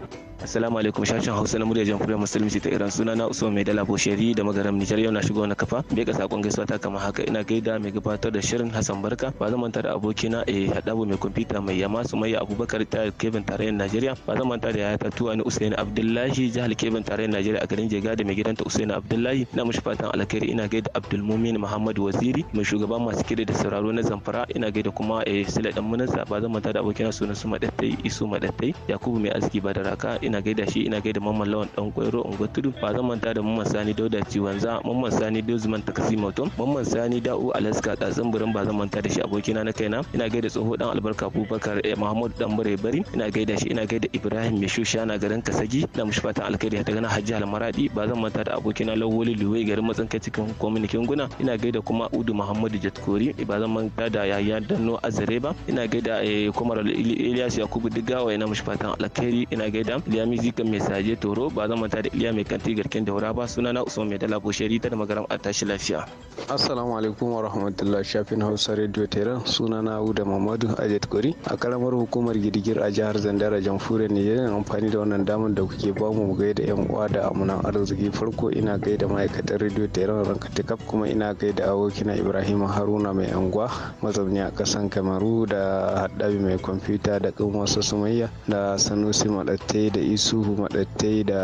Assalamu alaikum shashin Hausa na muryar jamhuriyar musulunci ta Iran suna na Usman Mai Dala Bosheri da magaram Nijar yau na shigo na kafa bai ga sakon gaisuwa ta kamar haka ina gaida mai gabatar da shirin Hassan Barka ba zan manta da abokina eh Hadabu mai kwamfuta mai yama Sumayya Abubakar ta Kevin tarayyar Najeriya ba zan manta da yayata Tuwani Usaini Abdullahi jihar Kevin tarayyar Najeriya a garin Jega da mai gidanta Usain Abdullahi ina mishi fatan alkhairi ina gaida Abdulmumin Muhammad Waziri mai shugaban masu kire da sauraro na Zamfara ina gaida kuma eh Sule Dan Munasa ba zan manta da abokina sunan su Madattai Isu Madattai Yakubu mai aski ba da raka ina gaida shi ina gaida mamman lawan dan kwairo unguwar tudu ba zan manta da mamman sani dauda ciwanza mamman sani dozman takasi mautum mamman sani da'u alaska tsatsin birin ba zan manta da shi abokina na kaina ina gaida tsoho dan albarka abubakar eh, mahmud dan bari ina gaida shi ina gaida ibrahim mai shusha na garin kasagi ina mushfata fatan alkhairi daga na hajji almaradi ba zan manta da abokina lawoli luwai garin matsinka cikin kwaminikin guna ina gaida kuma udu muhammadu jatkori ba zan manta da yahaya danno azare ba ina gaida eh, kuma ilyas yakubu digawa ina mushfata fatan alkhairi ina gaida iliya mizika mai saje toro ba zama ta da iliya mai kanti garken wura ba suna na usman mai dala bushari ta da magaram a tashi lafiya assalamu alaikum wa rahmatullah shafin hausa radio tehran suna na huda mamadu ajat kori a kalamar hukumar girgir a jihar zandara jamfuri nigeria amfani da wannan damar da kuke ba mu gaida yan uwa da amunan arziki farko ina gaida ma'aikatan radio ranka rankatakaf kuma ina gaida abokina ibrahim haruna mai anguwa mazauni a kasan kamaru da haɗabi mai kwamfuta da kan wasu sumayya da sanusi malatai da isuhu madattai da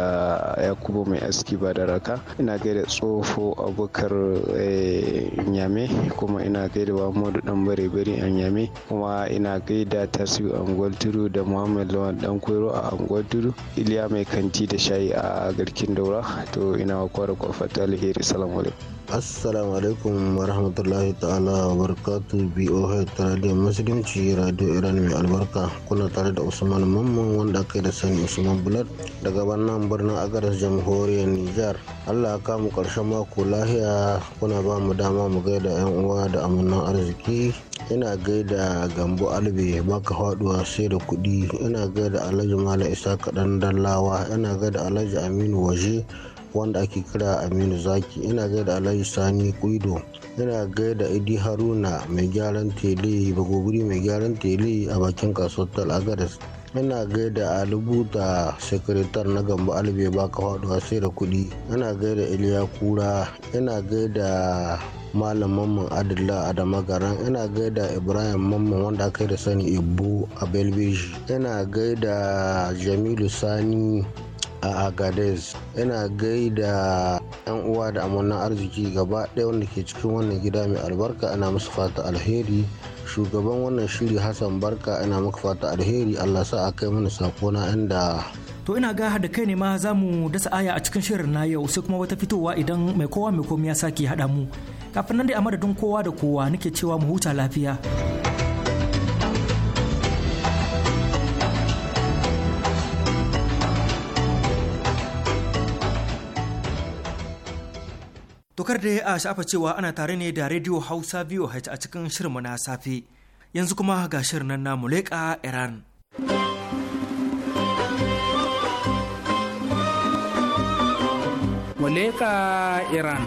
yakubu mai aski ba da raka ina gaida tsofo abokar eh, nyame kuma ina gaida muhammadu dan bare bare an nyame kuma ina gaida tasi angol turu da muhammad lawan dan koyro a angol turu iliya mai kanti da shayi a garkin daura to ina kwara kwafata alheri salamu alaikum assalamu alaikum warahmatullahi ta'ala wa barakatu boh ta radio musulunci radio iran mai albarka kuna tare da usman mamman wanda aka da sani usman bulat daga wannan birnin agaras jamhuriyar nijar allah ka mu karshen mako lahiya kuna ba mu dama mu gaida yan uwa da amannan arziki ina gaida gambo albe baka haduwa sai da kuɗi ina gaida alhaji malam isa kaɗan dallawa ina gaida alhaji aminu waje wanda ake kira aminu zaki ina gaida alhaji sani kuido ina gaida idi haruna mai gyaran tele bagoguri mai gyaran tele a bakin kasuwar talagadas ina gaida alibuta sekretar na gamba albe baka faduwa sai da kuɗi ina gaida iliya kura ina gaida malam mamman adila adama garan ina gaida ibrahim mamman wanda aka yi da sani ibu a belbeji ina gaida jamilu sani a agadez yana gaida yan uwa da amannan arziki gaba ɗaya wanda ke cikin wannan gida mai albarka ana musu fata alheri shugaban wannan shiri hassan barka ana maka fata alheri allah sa a kai mana sako na inda to ina ga da kai ne ma za mu dasa aya a cikin shirin na yau sai kuma wata fitowa idan mai kowa mai komai ya sake haɗa mu kafin nan dai a madadin kowa da kowa nake cewa mu huta lafiya. abubakar da ya shafa cewa ana tare ne da Radio Hausa VOH a cikin shirinmu na safe. Yanzu kuma ga shirin nan na Muleka Iran. Muleka Iran.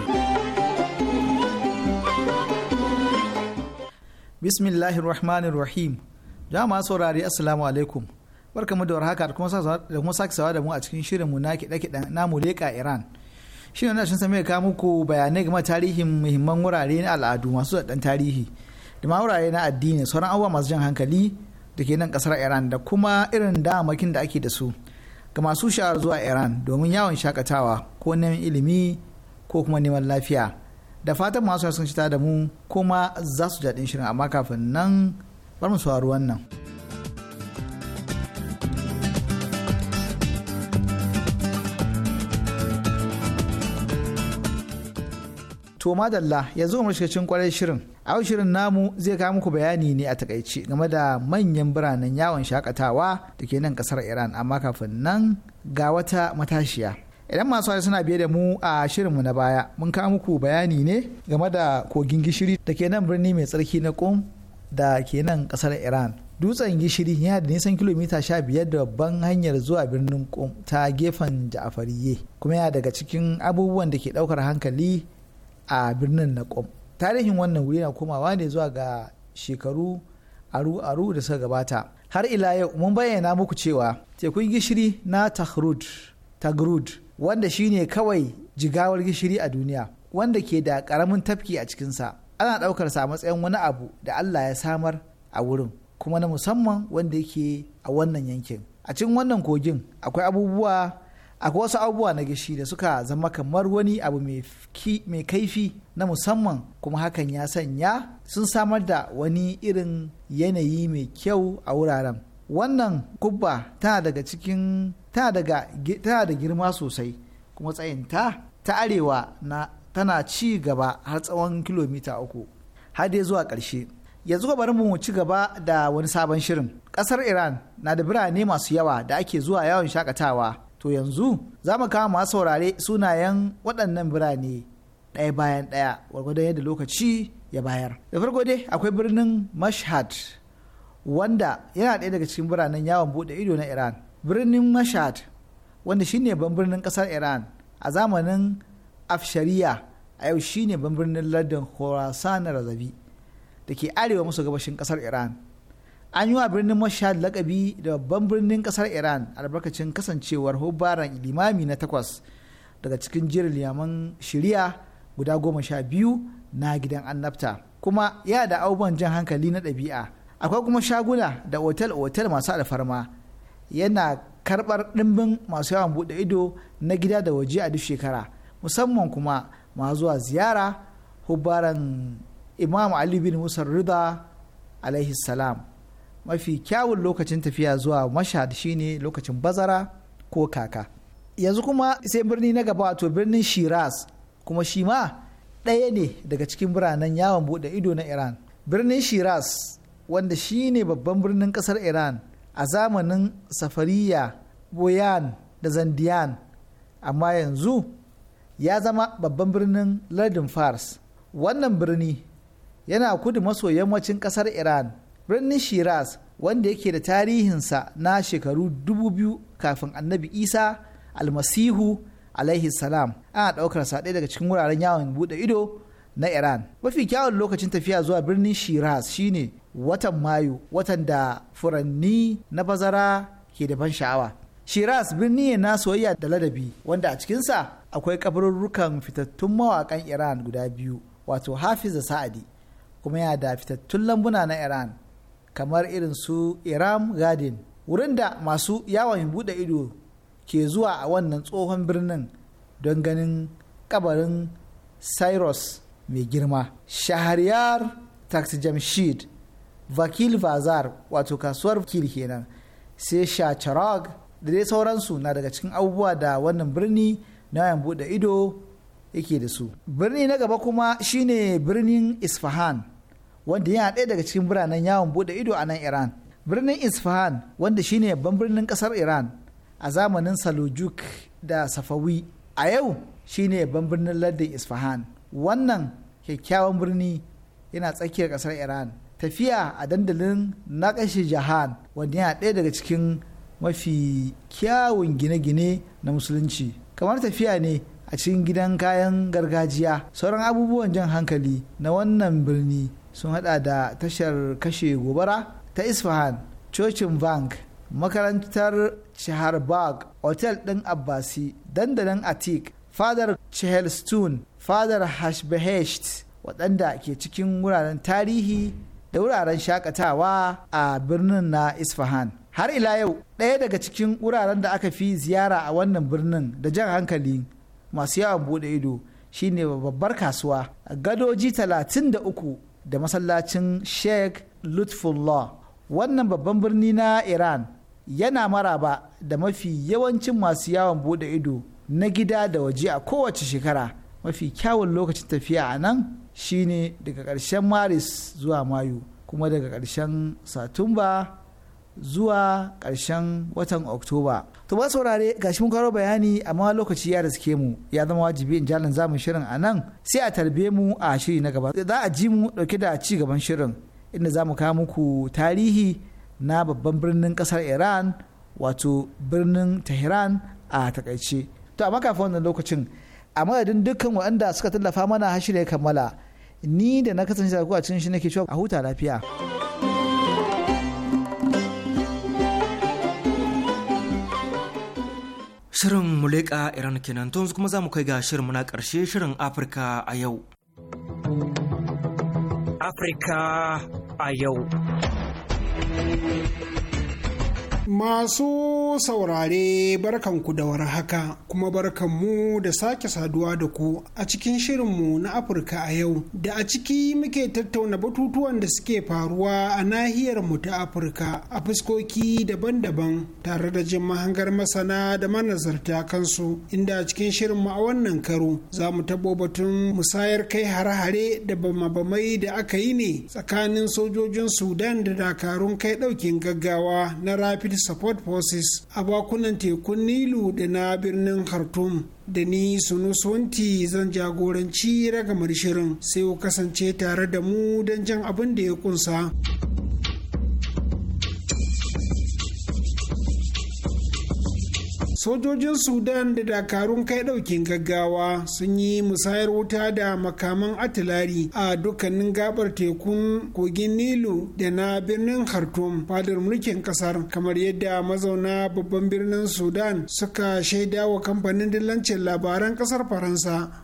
Bismillahirrahmanirrahim. ma saurari Assalamu alaikum. Barkamu da warhaka da kuma sake sawa da mu a cikin shirinmu na kiɗe-kiɗen na Muleka Iran. shi ne shin same ka muku bayanai game tarihin muhimman wurare na al'adu masu zaɗɗan tarihi da ma wurare na addini sauran abubuwa masu jan hankali da ke nan ƙasar iran da kuma irin damakin da ake da su ga masu sha'ar zuwa iran domin yawon shakatawa ko neman ilimi ko kuma neman lafiya da fatan masu sun cita da mu kuma za su daɗin shirin amma kafin nan bar mu nan wannan. To madalla ya zo mashigacin kwarai shirin. A shirin namu zai kawo muku bayani ne a takaici game da manyan biranen yawon shakatawa da ke nan kasar Iran amma kafin nan ga wata matashiya. Idan masu hada suna biye da mu a shirinmu na baya mun kawo muku bayani ne game da kogin gishiri da ke nan birni mai tsarki na kum da ke nan kasar Iran. Dutsen gishiri yana da nisan kilomita sha biyar da babban hanyar zuwa birnin kum ta gefen Ja'afariye kuma yana daga cikin abubuwan da ke daukar hankali a birnin na ƙom tarihin wannan wuri na komawa ne zuwa ga shekaru aru-aru da suka gabata har ila yau mun bayyana muku cewa tekun gishiri na tahrud tagrud wanda shine kawai jigawar gishiri a duniya wanda ke da karamin tafki a cikinsa ana ɗaukar sa matsayin wani abu da Allah ya samar a wurin kuma na musamman wanda yake a wannan yankin a cikin wannan kogin akwai abubuwa akwai wasu abubuwa na gishi da suka zama kamar wani abu mai kaifi na musamman kuma hakan ya sanya sun samar da wani irin yanayi mai kyau a wuraren wannan kubba tana daga cikin tana daga tana da girma sosai kuma tsayinta ta arewa na tana ci gaba har tsawon kilomita uku har dai zuwa ƙarshe yanzu ga bari mu ci gaba da wani sabon shirin ƙasar iran na da birane masu yawa da ake zuwa yawon shakatawa To yanzu za mu kama masu saurare sunayen waɗannan birane ɗaya bayan ɗaya gwargwadon yadda lokaci ya bayar. Da farko dai akwai birnin Mashhad wanda yana ɗaya daga cikin biranen yawon buɗe ido na Iran. Birnin Mashhad wanda shine ban birnin ƙasar Iran a zamanin Afshariya a yau shine ban birnin lardin Khorasan Razabi da ke arewa maso gabashin ƙasar Iran. an yi wa birnin mashhad lakabi da babban birnin kasar iran albarkacin kasancewar hubaran limami na takwas daga cikin jirin liyaman shiriya guda goma sha biyu na gidan annabta kuma ya da abubuwan jan hankali na ɗabi'a akwai kuma shaguna da otel-otel masu alfarma yana karɓar ɗimbin masu yawan buɗe ido na gida da waje a duk shekara musamman kuma masu zuwa ziyara hubaran imam ali bin musar rida alaihi salam mafi kyawun lokacin tafiya zuwa mashhad shine lokacin bazara ko kaka yanzu kuma sai birni na gaba wato birnin shiraz kuma shi ma ɗaya ne daga cikin biranen yawon buɗe ido na iran birnin shiraz wanda shi ne babban birnin ƙasar iran a zamanin safariya boyan da zandiyan amma yanzu ya zama babban birnin lardin fars wannan birni yana kudu maso yammacin ƙasar iran birnin shiraz wanda yake da tarihinsa na shekaru dubu biyu kafin annabi isa almasihu alaihi salam ana daukar sa ɗaya daga cikin wuraren yawon bude ido na iran mafi kyawun lokacin tafiya zuwa birnin shiraz shine watan mayu watan da furanni na bazara ke da ban sha'awa shiraz birni ne na soyayya da ladabi wanda a cikinsa akwai kabarurrukan fitattun mawakan iran guda biyu wato hafiz da sa'adi kuma yana da fitattun lambuna na iran kamar irin su iram garden wurin da masu yawon bude ido ke zuwa a wannan tsohon birnin don ganin kabarin cyrus mai girma shahariyar taksijamshid vakil bazar wato kasuwar vakil kenan sai shacharag da dai sauransu na daga cikin abubuwa da wannan birni na yan bude ido yake da su birni na gaba kuma shine birnin isfahan wanda yana ɗaya daga cikin biranen yawon buɗe ido a nan iran birnin isfahan wanda shine babban birnin ƙasar iran a zamanin salujuk da safawi a yau shine babban birnin lardin isfahan wannan kyakkyawan birni yana tsakiyar ƙasar iran tafiya a dandalin naƙashi jahan wanda yana ɗaya daga cikin mafi kyawun gine-gine na musulunci kamar tafiya ne a cikin gidan kayan gargajiya sauran abubuwan jan hankali na wannan birni sun hada da tashar kashe gobara ta isfahan cocin bank makarantar chaharbagh otel ɗin abbasi dandalin atik fadar chehelstone fadar hashbehesht waɗanda ke cikin wuraren tarihi da wuraren shakatawa a birnin na isfahan har ila yau ɗaya daga cikin wuraren da aka fi ziyara a wannan birnin da jan hankali masu yawon bude ido shine babbar kasuwa gadoji 33 da masallacin sheikh lutfullah wannan babban birni na iran yana maraba da mafi yawancin masu yawon bude ido na gida da waje a kowace shekara mafi kyawun lokacin tafiya a nan shine daga ƙarshen maris zuwa mayu kuma daga ƙarshen satumba zuwa ƙarshen watan oktoba To ba saurare gashi mun karo bayani amma lokaci ya riske mu ya zama wajibi in jalan zamu shirin a nan sai a tarbe mu a shiri na gaba. Za a ji mu dauke da ci gaban shirin inda za mu kawo muku tarihi na babban birnin kasar Iran wato birnin Tehran a takaice. To amma kafin wannan lokacin a madadin dukkan waɗanda suka tallafa mana har shirya kammala ni da na kasance da ku a cikin shi nake cewa a huta lafiya. Shirin Muleka Iran kenan to kuma za mu kai ga shirin na karshe shirin Afirka a yau. Afirka a yau. Masu saurare barkanku da war haka kuma mu da sake saduwa da ku a cikin shirinmu na Afirka a yau da a ciki muke tattauna batutuwan da suke faruwa a nahiyar mu ta Afirka a fuskoki daban-daban tare da jin mahangar masana da manazarta kansu inda a cikin shirinmu a wannan karo za mu tabo batun musayar kai hare-hare da bama-bamai da aka yi ne tsakanin sojojin Sudan da dakarun kai ɗaukin gaggawa na rafi rapid support forces a bakunan tekun nilu da na birnin khartoum da ni sunusunti zan jagoranci ragamar shirin sai ku kasance tare da mu don jan abin da ya kunsa. sojojin sudan da dakarun kai daukin gaggawa sun yi musayar wuta da makaman atilari a dukkanin gabar tekun kogin nilu da na birnin khartoum fadar mulkin kasar kamar yadda mazauna babban birnin sudan suka shaida wa kamfanin dillancin labaran kasar faransa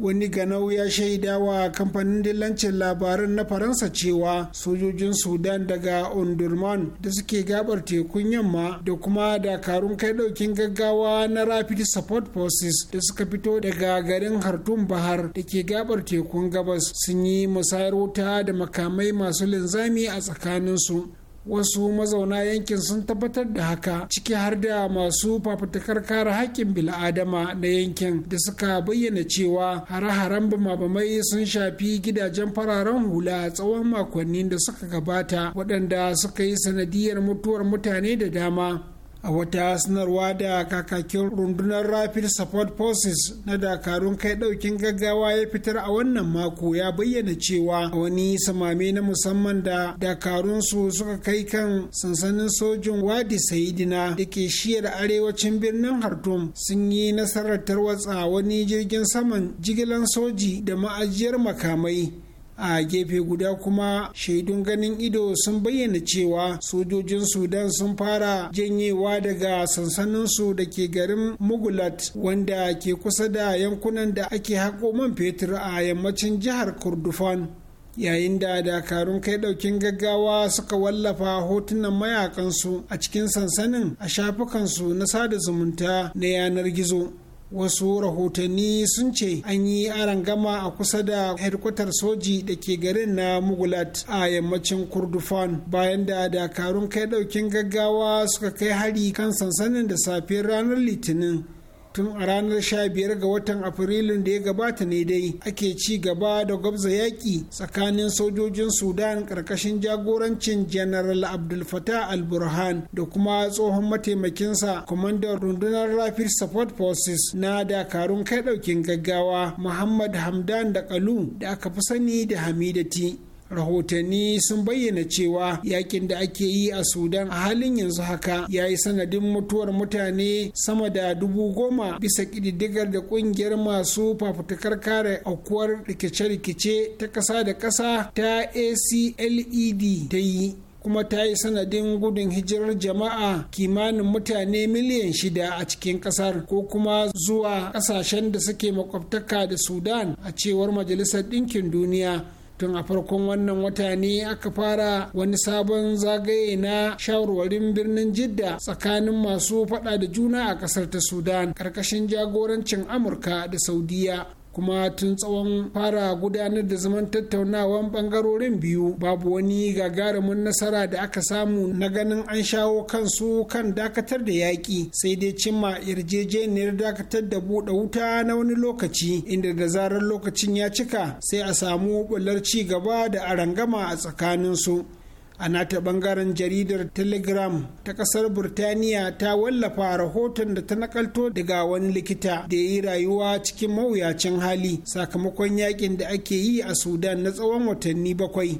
wani ganau ya shaida wa kamfanin dillancin labaran na faransa cewa sojojin sudan daga ondurman da suke gabar tekun yamma da kuma dakarun kai daukin gaggawa na rapid support forces da suka fito daga garin hartun bahar da ke gabar tekun gabas sun yi musayar wuta da makamai masu linzami a tsakaninsu wasu mazauna yankin sun tabbatar da haka ciki har da masu fafutukar kare haƙƙin bil'adama na yankin da suka bayyana cewa hare-haren bamabamai sun shafi gidajen fararen hula tsawon makonnin da suka gabata waɗanda suka yi sanadiyar mutuwar mutane da dama a wata sanarwa da kakakin rundunar rapid support forces na dakarun kai daukin gaggawa ya fitar a wannan mako ya bayyana cewa wani samame na musamman da dakarun su suka kai kan sansanin sojin wadi saidina da ke shiyar arewacin birnin hartum sun yi nasarar tarwatsa wani jirgin saman jigilan soji da ma'ajiyar makamai a gefe guda kuma shaidun ganin ido sun bayyana cewa sojojin sudan sun fara janyewa daga sansaninsu da ke garin mugulat wanda ke kusa da yankunan da ake haƙo man fetur a yammacin jihar kurdufan yayin da dakarun kai ɗaukin gaggawa suka wallafa hotunan mayakansu a cikin sansanin a shafukansu na sada zumunta na yanar gizo wasu rahotanni sun ce an yi gama a kusa da hedkwatar soji da ke garin na mugulat a yammacin kurdufan bayan da dakarun kai daukin gaggawa suka kai hari kan sansanin da safiyar ranar litinin tun a ranar 15 ga watan afrilun da ya gabata ne dai ake ci gaba da gwabza yaƙi tsakanin sojojin sudan ƙarƙashin jagorancin general abdul fatah al-burhan da kuma tsohon mataimakinsa kwamandan rundunar rapid support forces na dakarun kai ɗaukin gaggawa muhammad hamdan da kalu da aka fi sani da hamidati rahotanni sun bayyana cewa yakin da ake yi a sudan a halin yanzu haka ya yi sanadin mutuwar mutane sama da dubu goma bisa ƙididdigar da ƙungiyar masu fafutukar kare aukuwar rikice-rikice ta ƙasa da ƙasa ta acled ta yi kuma ta yi sanadin gudun hijirar jama'a kimanin mutane miliyan shida a cikin kasar ko kuma zuwa kasashen da suke makwabtaka da sudan a cewar majalisar ɗinkin duniya tun a farkon wannan wata ne aka fara wani sabon zagaye na shawarwarin birnin jidda tsakanin masu faɗa da juna a ƙasar ta sudan karkashin jagorancin amurka da saudiya kuma tun tsawon fara gudanar da zaman tattaunawan bangarorin biyu babu wani gagarumin nasara da aka samu na ganin an shawo kansu kan dakatar da yaƙi sai dai cimma yarjejeniyar dakatar da buɗe wuta na wani lokaci inda da zarar lokacin ya cika sai a samu bular ci gaba da arangama a tsakaninsu a nata bangaren jaridar telegram ta kasar burtaniya ta wallafa rahoton da ta nakalto daga wani likita da ya yi rayuwa cikin mawuyacin hali sakamakon yakin da ake yi a sudan na tsawon watanni bakwai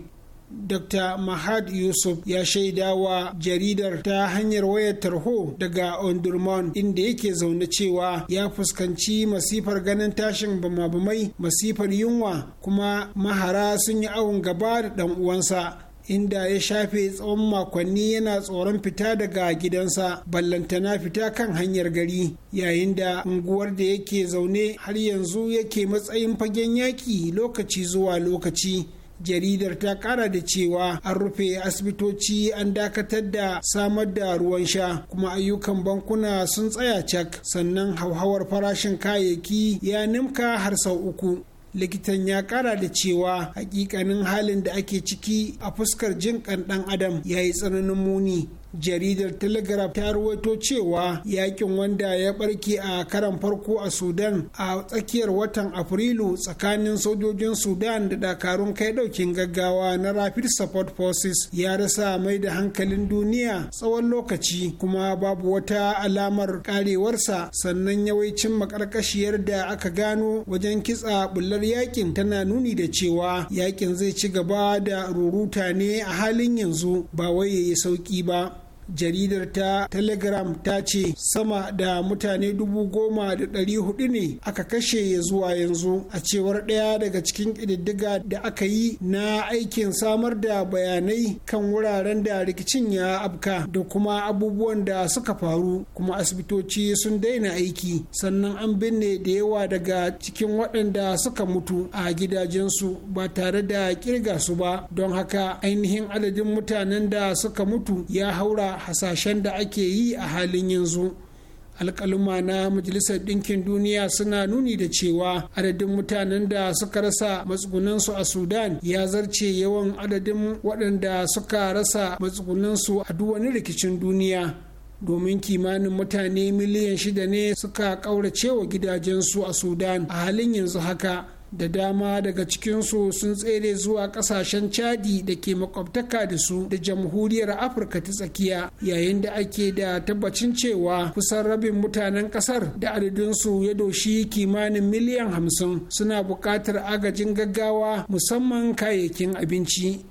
Dr. Mahad Yusuf ya shaida wa jaridar ta hanyar wayar tarho daga Ondurman inda yake zaune cewa ya fuskanci masifar ganin tashin bama-bamai masifar yunwa kuma mahara sun yi awon gaba da uwansa. inda ya shafe tsawon makonni yana tsoron fita daga gidansa ballantana fita kan hanyar gari yayin da unguwar da yake zaune har yanzu yake matsayin fagen yaƙi lokaci zuwa lokaci jaridar ta kara da cewa an rufe asibitoci an dakatar da samar da ruwan sha kuma ayyukan bankuna sun tsaya cak sannan hauhawar farashin kayayyaki ya nimka har sau uku likitan ya kara da cewa hakikanin halin da ake ciki a fuskar jin kan dan adam ya yi tsananin muni jaridar telegraph ta ruwaito cewa yakin wanda ya barke a karan farko a sudan a tsakiyar watan afrilu tsakanin sojojin sudan da dakarun kai daukin gaggawa na rapid support forces ya rasa mai da hankalin duniya tsawon lokaci kuma babu wata alamar karewarsa sannan yawancin makarkashiyar da aka gano wajen kitsa bullar yakin tana nuni da cewa yakin zai ci gaba da ruruta ne a halin yanzu ba wai ya yi sauki ba jaridar ta telegram ta ce sama da mutane dubu goma da ɗari hudu ne aka kashe ya zuwa yanzu a cewar ɗaya daga cikin ƙididdiga da aka yi na aikin samar da bayanai kan wuraren da rikicin ya abka da kuma abubuwan da suka faru kuma asibitoci sun daina aiki sannan an binne da yawa daga cikin waɗanda suka mutu a gidajensu ba tare da kirga su ba don haka ainihin adadin mutanen da suka mutu ya haura hasashen da ake yi a halin yanzu alkaluma na majalisar ɗinkin duniya suna nuni da cewa adadin mutanen da suka rasa matsugunansu a sudan ya zarce yawan adadin waɗanda suka rasa matsugunansu a duwani rikicin duniya domin kimanin mutane miliyan shida ne suka ƙaurace wa gidajensu a sudan a halin yanzu haka da dama daga cikinsu sun tsere zuwa kasashen chadi da ke makwabtaka da su da jamhuriyar afirka ta tsakiya yayin da ake da tabbacin cewa kusan rabin mutanen kasar da adadinsu ya doshi kimanin miliyan hamsin suna buƙatar agajin gaggawa musamman kayayyakin abinci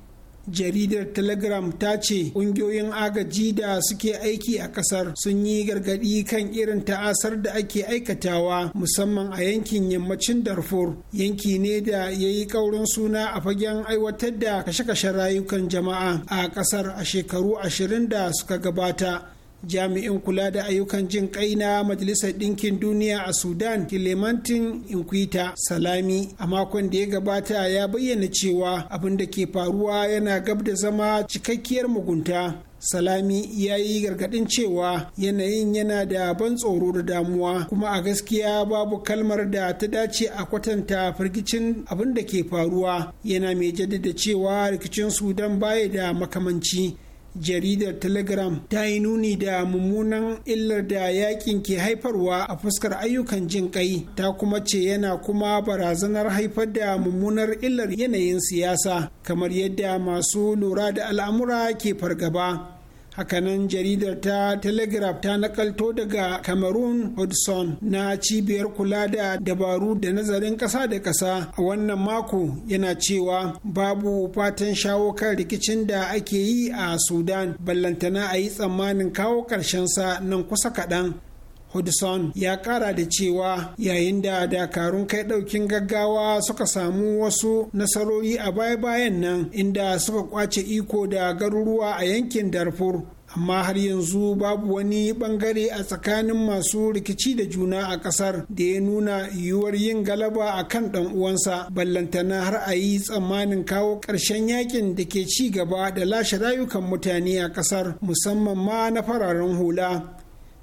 jaridar telegram ta ce ƙungiyoyin agaji da suke aiki a ƙasar sun yi gargaɗi kan irin ta'asar da ake aikatawa musamman a yankin yammacin darfur yanki ne da ya yi ƙaurin suna a fagen aiwatar da kashe-kashen rayukan jama'a a ƙasar a shekaru ashirin da suka gabata jami'in kula da ayyukan jin kai na majalisar ɗinkin duniya a sudan kilemantin inkwita salami a makon da ya gabata ya bayyana cewa abin da ke faruwa yana gab da zama cikakkiyar mugunta salami ya yi gargaɗin cewa yanayin yana da ban tsoro da damuwa kuma a gaskiya babu kalmar da ta dace a kwatanta firgicin abin da ke faruwa yana mai jaddada cewa rikicin sudan baya da makamanci jaridar telegram ta yi nuni da mummunan illar da yakin ke haifarwa a fuskar ayyukan jin kai ta kuma ce yana kuma barazanar haifar da mummunar illar yanayin siyasa kamar yadda masu lura da al'amura ke fargaba hakanan jaridar ta telegraph ta nakalto daga cameroon hudson na cibiyar kula da dabaru da nazarin kasa da kasa a wannan mako yana cewa babu fatan shawo kan rikicin da ake yi a sudan ballantana a yi tsammanin kawo ƙarshensa nan kusa kaɗan Hudson ya kara da cewa yayin da dakarun kai ɗaukin gaggawa suka samu wasu nasarori a baya-bayan nan inda suka kwace iko da garuruwa a yankin Darfur amma har yanzu babu wani bangare a tsakanin masu rikici da juna a kasar da ya nuna yiwuwar yin galaba a kan ɗan uwansa ballantana har a yi tsammanin kawo ƙarshen yakin da ke ci gaba da lashe rayukan mutane a kasar musamman ma na fararen hula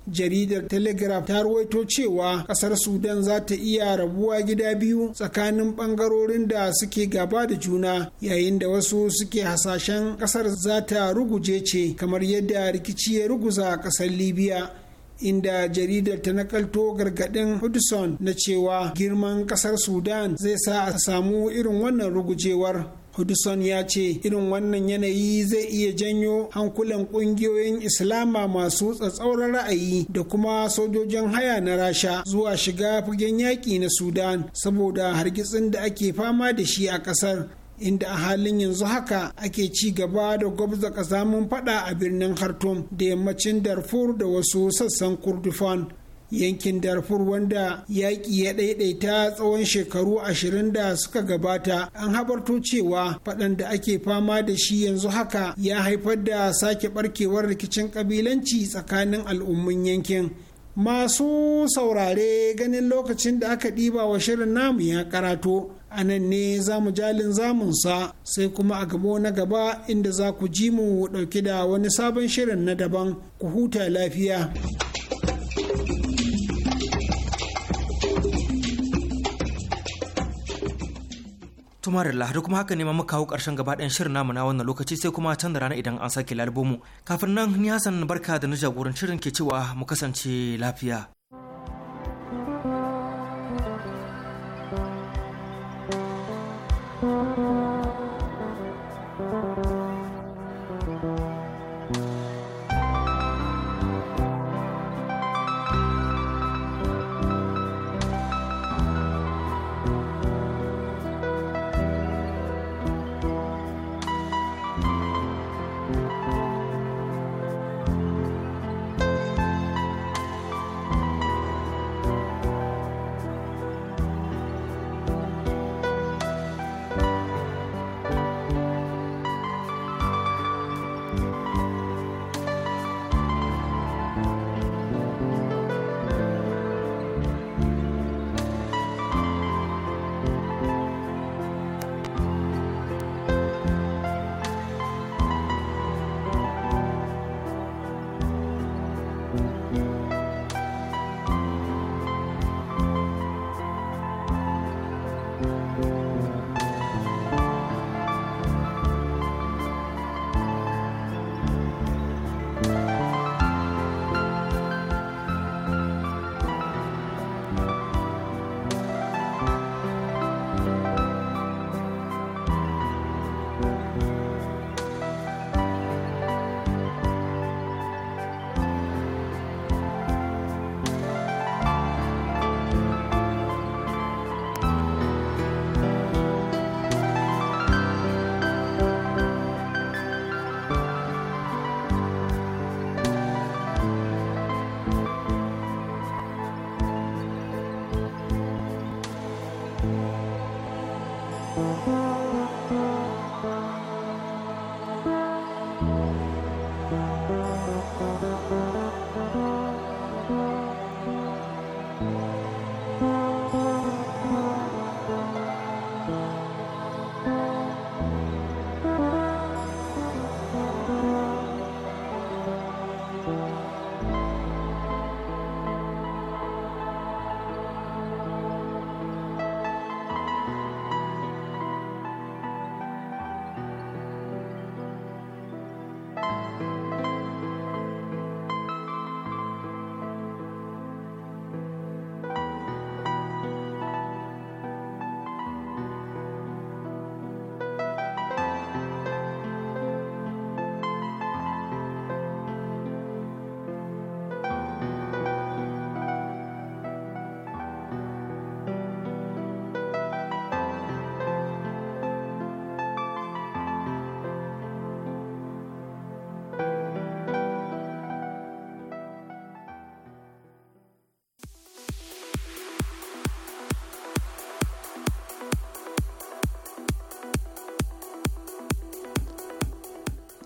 jaridar telegraph ta ruwaito cewa kasar sudan za ta iya rabuwa gida biyu tsakanin bangarorin da suke gaba da juna yayin da wasu suke hasashen kasar za ta ruguje ce kamar yadda rikici ya ruguza kasar libya inda jaridar ta nakalto gargadin hudson na cewa girman kasar sudan zai sa a samu irin wannan rugujewar Hudson ya ce irin wannan yanayi zai iya janyo hankulan kungiyoyin Islama masu tsatsauran ra'ayi da kuma sojojin haya na Rasha zuwa shiga fagen yaƙi na Sudan saboda hargitsin da ake fama da shi a ƙasar. inda a halin yanzu haka ake ci gaba da gwabza kazamin fada a birnin Khartoum da yammacin Darfur da wasu sassan Kurdufan. yankin darfur wanda yaƙi ya ɗaiɗaita tsawon shekaru ashirin da suka gabata an habarto cewa faɗan da ake fama da shi yanzu haka ya haifar da sake ɓarkewar rikicin ƙabilanci tsakanin al'ummin yankin masu saurare ganin lokacin da aka ɗiba wa shirin namu ya karato a nan ne za mu jalin zamunsa sai kuma a gabo na gaba inda za ku ji mu ɗauki da wani sabon shirin na daban ku huta lafiya. Tumarilla da kuma haka ne mu kawo ƙarshen gaba ɗayan shirin namu na wannan lokaci sai kuma can da rana idan an sake lalbomu. Kafin nan ni Hassan barka da na jagorancin shirin ke cewa mu kasance lafiya.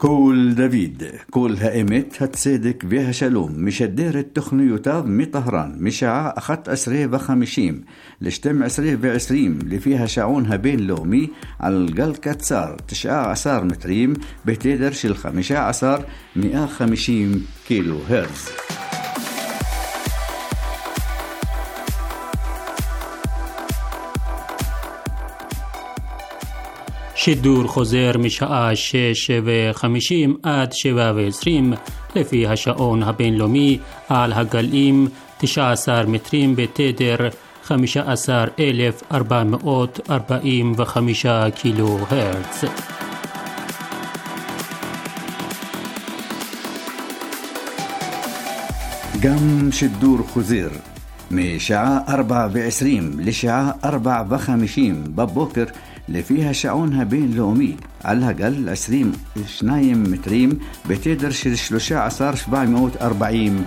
كول دافيد كول هائمت هتسيدك بها شلوم مش الدير تخنيوتاف مي طهران مشاع أخت أسري بخمشيم لشتم أسري بعسريم اللي فيها شعونها بين لومي على القل كتسار تشعى عصار متريم بتدرش الخمشة عصار مئة خمشيم كيلو هرتز שידור חוזר משעה 6 ו-50 עד 7 ו-20 לפי השעון הבינלאומי על הגלים 19 מטרים בתדר 15,445 קילו הרץ. גם שידור חוזר משעה 4 ו-20 לשעה 4 ו-50 בבוקר اللي فيها شعونها بين لومي على الأقل 20 شنايم متريم بتقدر شلشلوشة عصار شباع موت 40